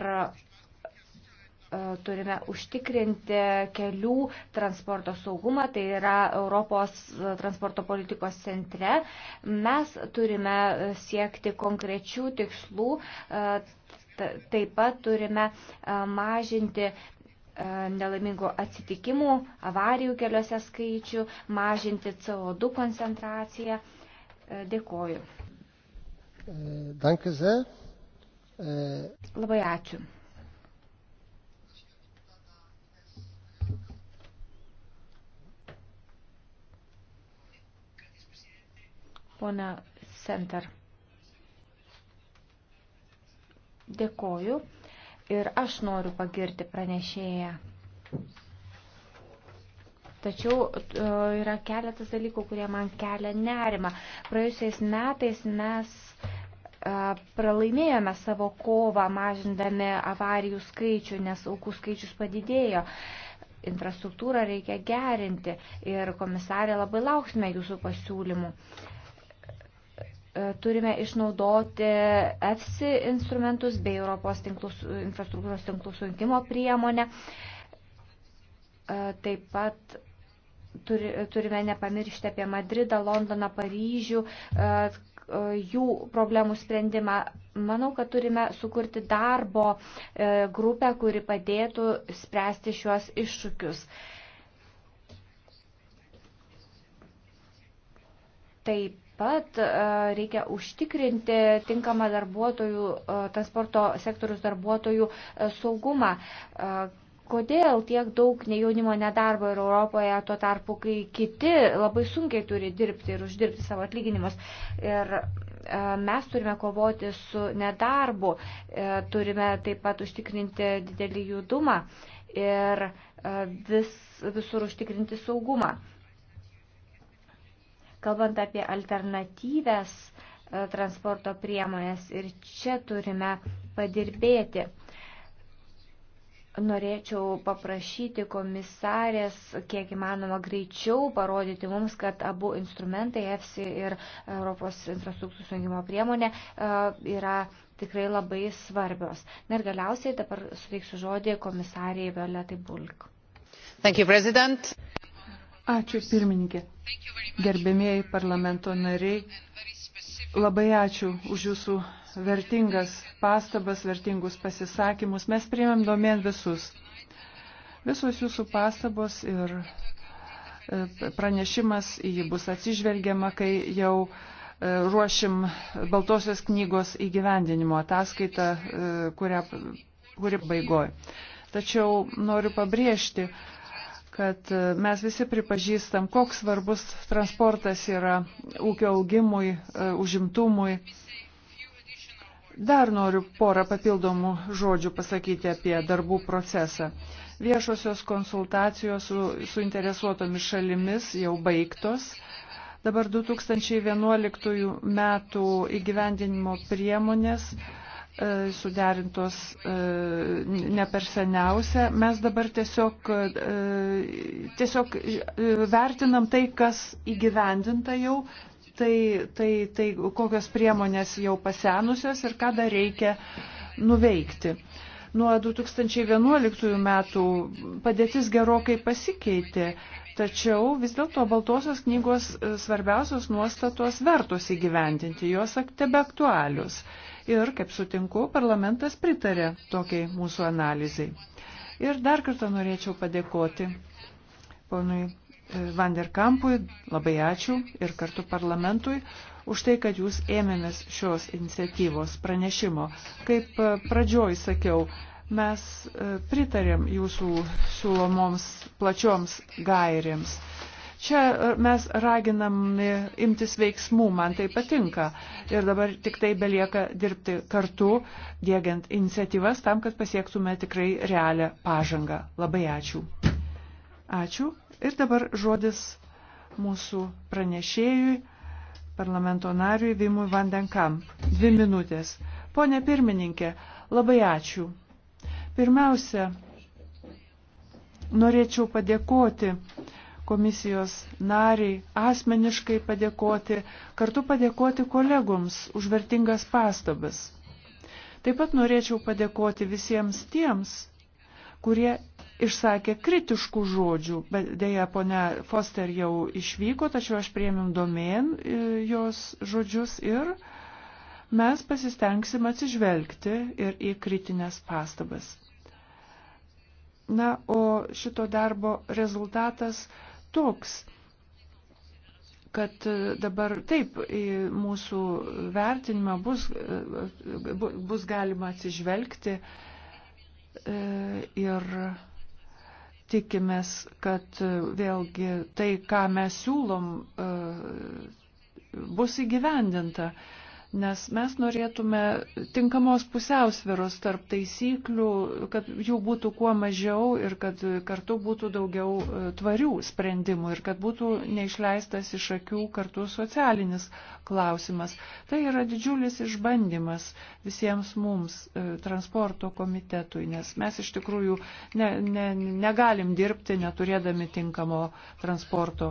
turime užtikrinti kelių transporto saugumą, tai yra Europos transporto politikos centre. Mes turime siekti konkrečių tikslų Taip pat turime mažinti nelaimingų atsitikimų, avarijų keliuose skaičių, mažinti CO2 koncentraciją. Dėkoju. E, Dankize. E, Labai ačiū. Pone Center. Dėkoju ir aš noriu pagirti pranešėją. Tačiau e, yra keletas dalykų, kurie man kelia nerima. Praėjusiais metais mes e, pralaimėjome savo kovą mažindami avarijų skaičių, nes aukų skaičius padidėjo. Infrastruktūrą reikia gerinti ir komisarė labai lauksime jūsų pasiūlymų. Uh, E, turime išnaudoti EFSI instrumentus bei Europos tinklus, infrastruktūros tinklų sunkimo priemonę. E, taip pat turi, turime nepamiršti apie Madridą, Londoną, Paryžių, e, jų problemų sprendimą. Manau, kad turime sukurti darbo grupę, kuri padėtų spręsti šiuos iššūkius. Taip pat e, reikia užtikrinti tinkamą darbuotojų, e, transporto sektorius darbuotojų e, saugumą. Kodėl tiek daug jaunimo nedarbo ir Europoje tuo tarpu, kai kiti labai sunkiai turi dirbti ir uždirbti savo atlyginimus. Ir mes turime kovoti su nedarbu, turime taip pat užtikrinti didelį judumą ir vis, visur užtikrinti saugumą kalbant apie alternatyves e, transporto priemonės ir čia turime padirbėti. Norėčiau paprašyti komisarės, kiek įmanoma greičiau, parodyti mums, kad abu instrumentai, EFSI ir Europos infrastruktūrų sujungimo priemonė, e, yra tikrai labai svarbios. Na ir galiausiai dabar suteiksiu žodį komisariai Violetai Bulk. Thank you, President. Ačiū pirmininkė. Gerbėmėjai parlamento nariai, labai ačiū už jūsų vertingas pastabas, vertingus pasisakymus. Mes priėmėm domėn visus. Visos jūsų pastabos ir e, pranešimas, į jį bus atsižvelgiama, kai jau e, ruošim Baltosios knygos įgyvendinimo ataskaitą, e, kurią, kuri baigoja. Tačiau noriu pabrėžti, kad e, mes visi pripažįstam, koks svarbus transportas yra ūkio augimui, e, užimtumui. Dar noriu porą papildomų žodžių pasakyti apie darbų procesą. Viešosios konsultacijos su suinteresuotomis šalimis jau baigtos. Dabar 2011 metų įgyvendinimo priemonės E, suderintos e, ne per seniausia. Mes dabar tiesiog, e, tiesiog vertinam tai, kas įgyvendinta jau, tai, tai, tai kokios priemonės jau pasenusios ir ką dar reikia nuveikti. Nuo 2011 metų padėtis gerokai pasikeitė, tačiau vis dėlto Baltosios knygos svarbiausios nuostatos vertos įgyvendinti, jos tebe aktualius. aktualius ir, kaip sutinku, parlamentas pritarė tokiai mūsų analizai. Ir dar kartą norėčiau padėkoti ponui e, Vanderkampui, labai ačiū ir kartu parlamentui už tai, kad jūs ėmėmės šios iniciatyvos pranešimo. Kaip e, pradžioj sakiau, mes e, pritarėm jūsų siūlomoms plačioms gairėms Čia e, mes raginami imtis veiksmų, man tai patinka. Ir dabar tik tai belieka dirbti kartu, dėgiant iniciatyvas tam, kad pasiektume tikrai realią pažangą. Labai ačiū. Ačiū. Ir dabar žodis mūsų pranešėjui, parlamento nariui Vimui Vandenkam. Dvi minutės. Pone pirmininkė, labai ačiū. Pirmiausia, norėčiau padėkoti komisijos nariai asmeniškai padėkoti, kartu padėkoti kolegoms už vertingas pastabas. Taip pat norėčiau padėkoti visiems tiems, kurie išsakė kritiškų žodžių, bet dėja ponia Foster jau išvyko, tačiau aš priemim domėn e, jos žodžius ir mes pasistengsim atsižvelgti ir į kritinės pastabas. Na, o šito darbo rezultatas toks kad e, dabar taip į mūsų vertinimą bus, e, bus galima atsižvelgti e, ir tikimės, kad vėlgi tai, ką mes siūlom, bus įgyvendinta nes mes norėtume tinkamos pusiausviros tarp taisyklių, kad jų būtų kuo mažiau ir kad kartu būtų daugiau e, tvarių sprendimų ir kad būtų neišleistas iš akių kartu socialinis klausimas. Tai yra didžiulis išbandymas visiems mums, e, transporto komitetui, nes mes iš tikrųjų ne, ne, negalim dirbti neturėdami tinkamo transporto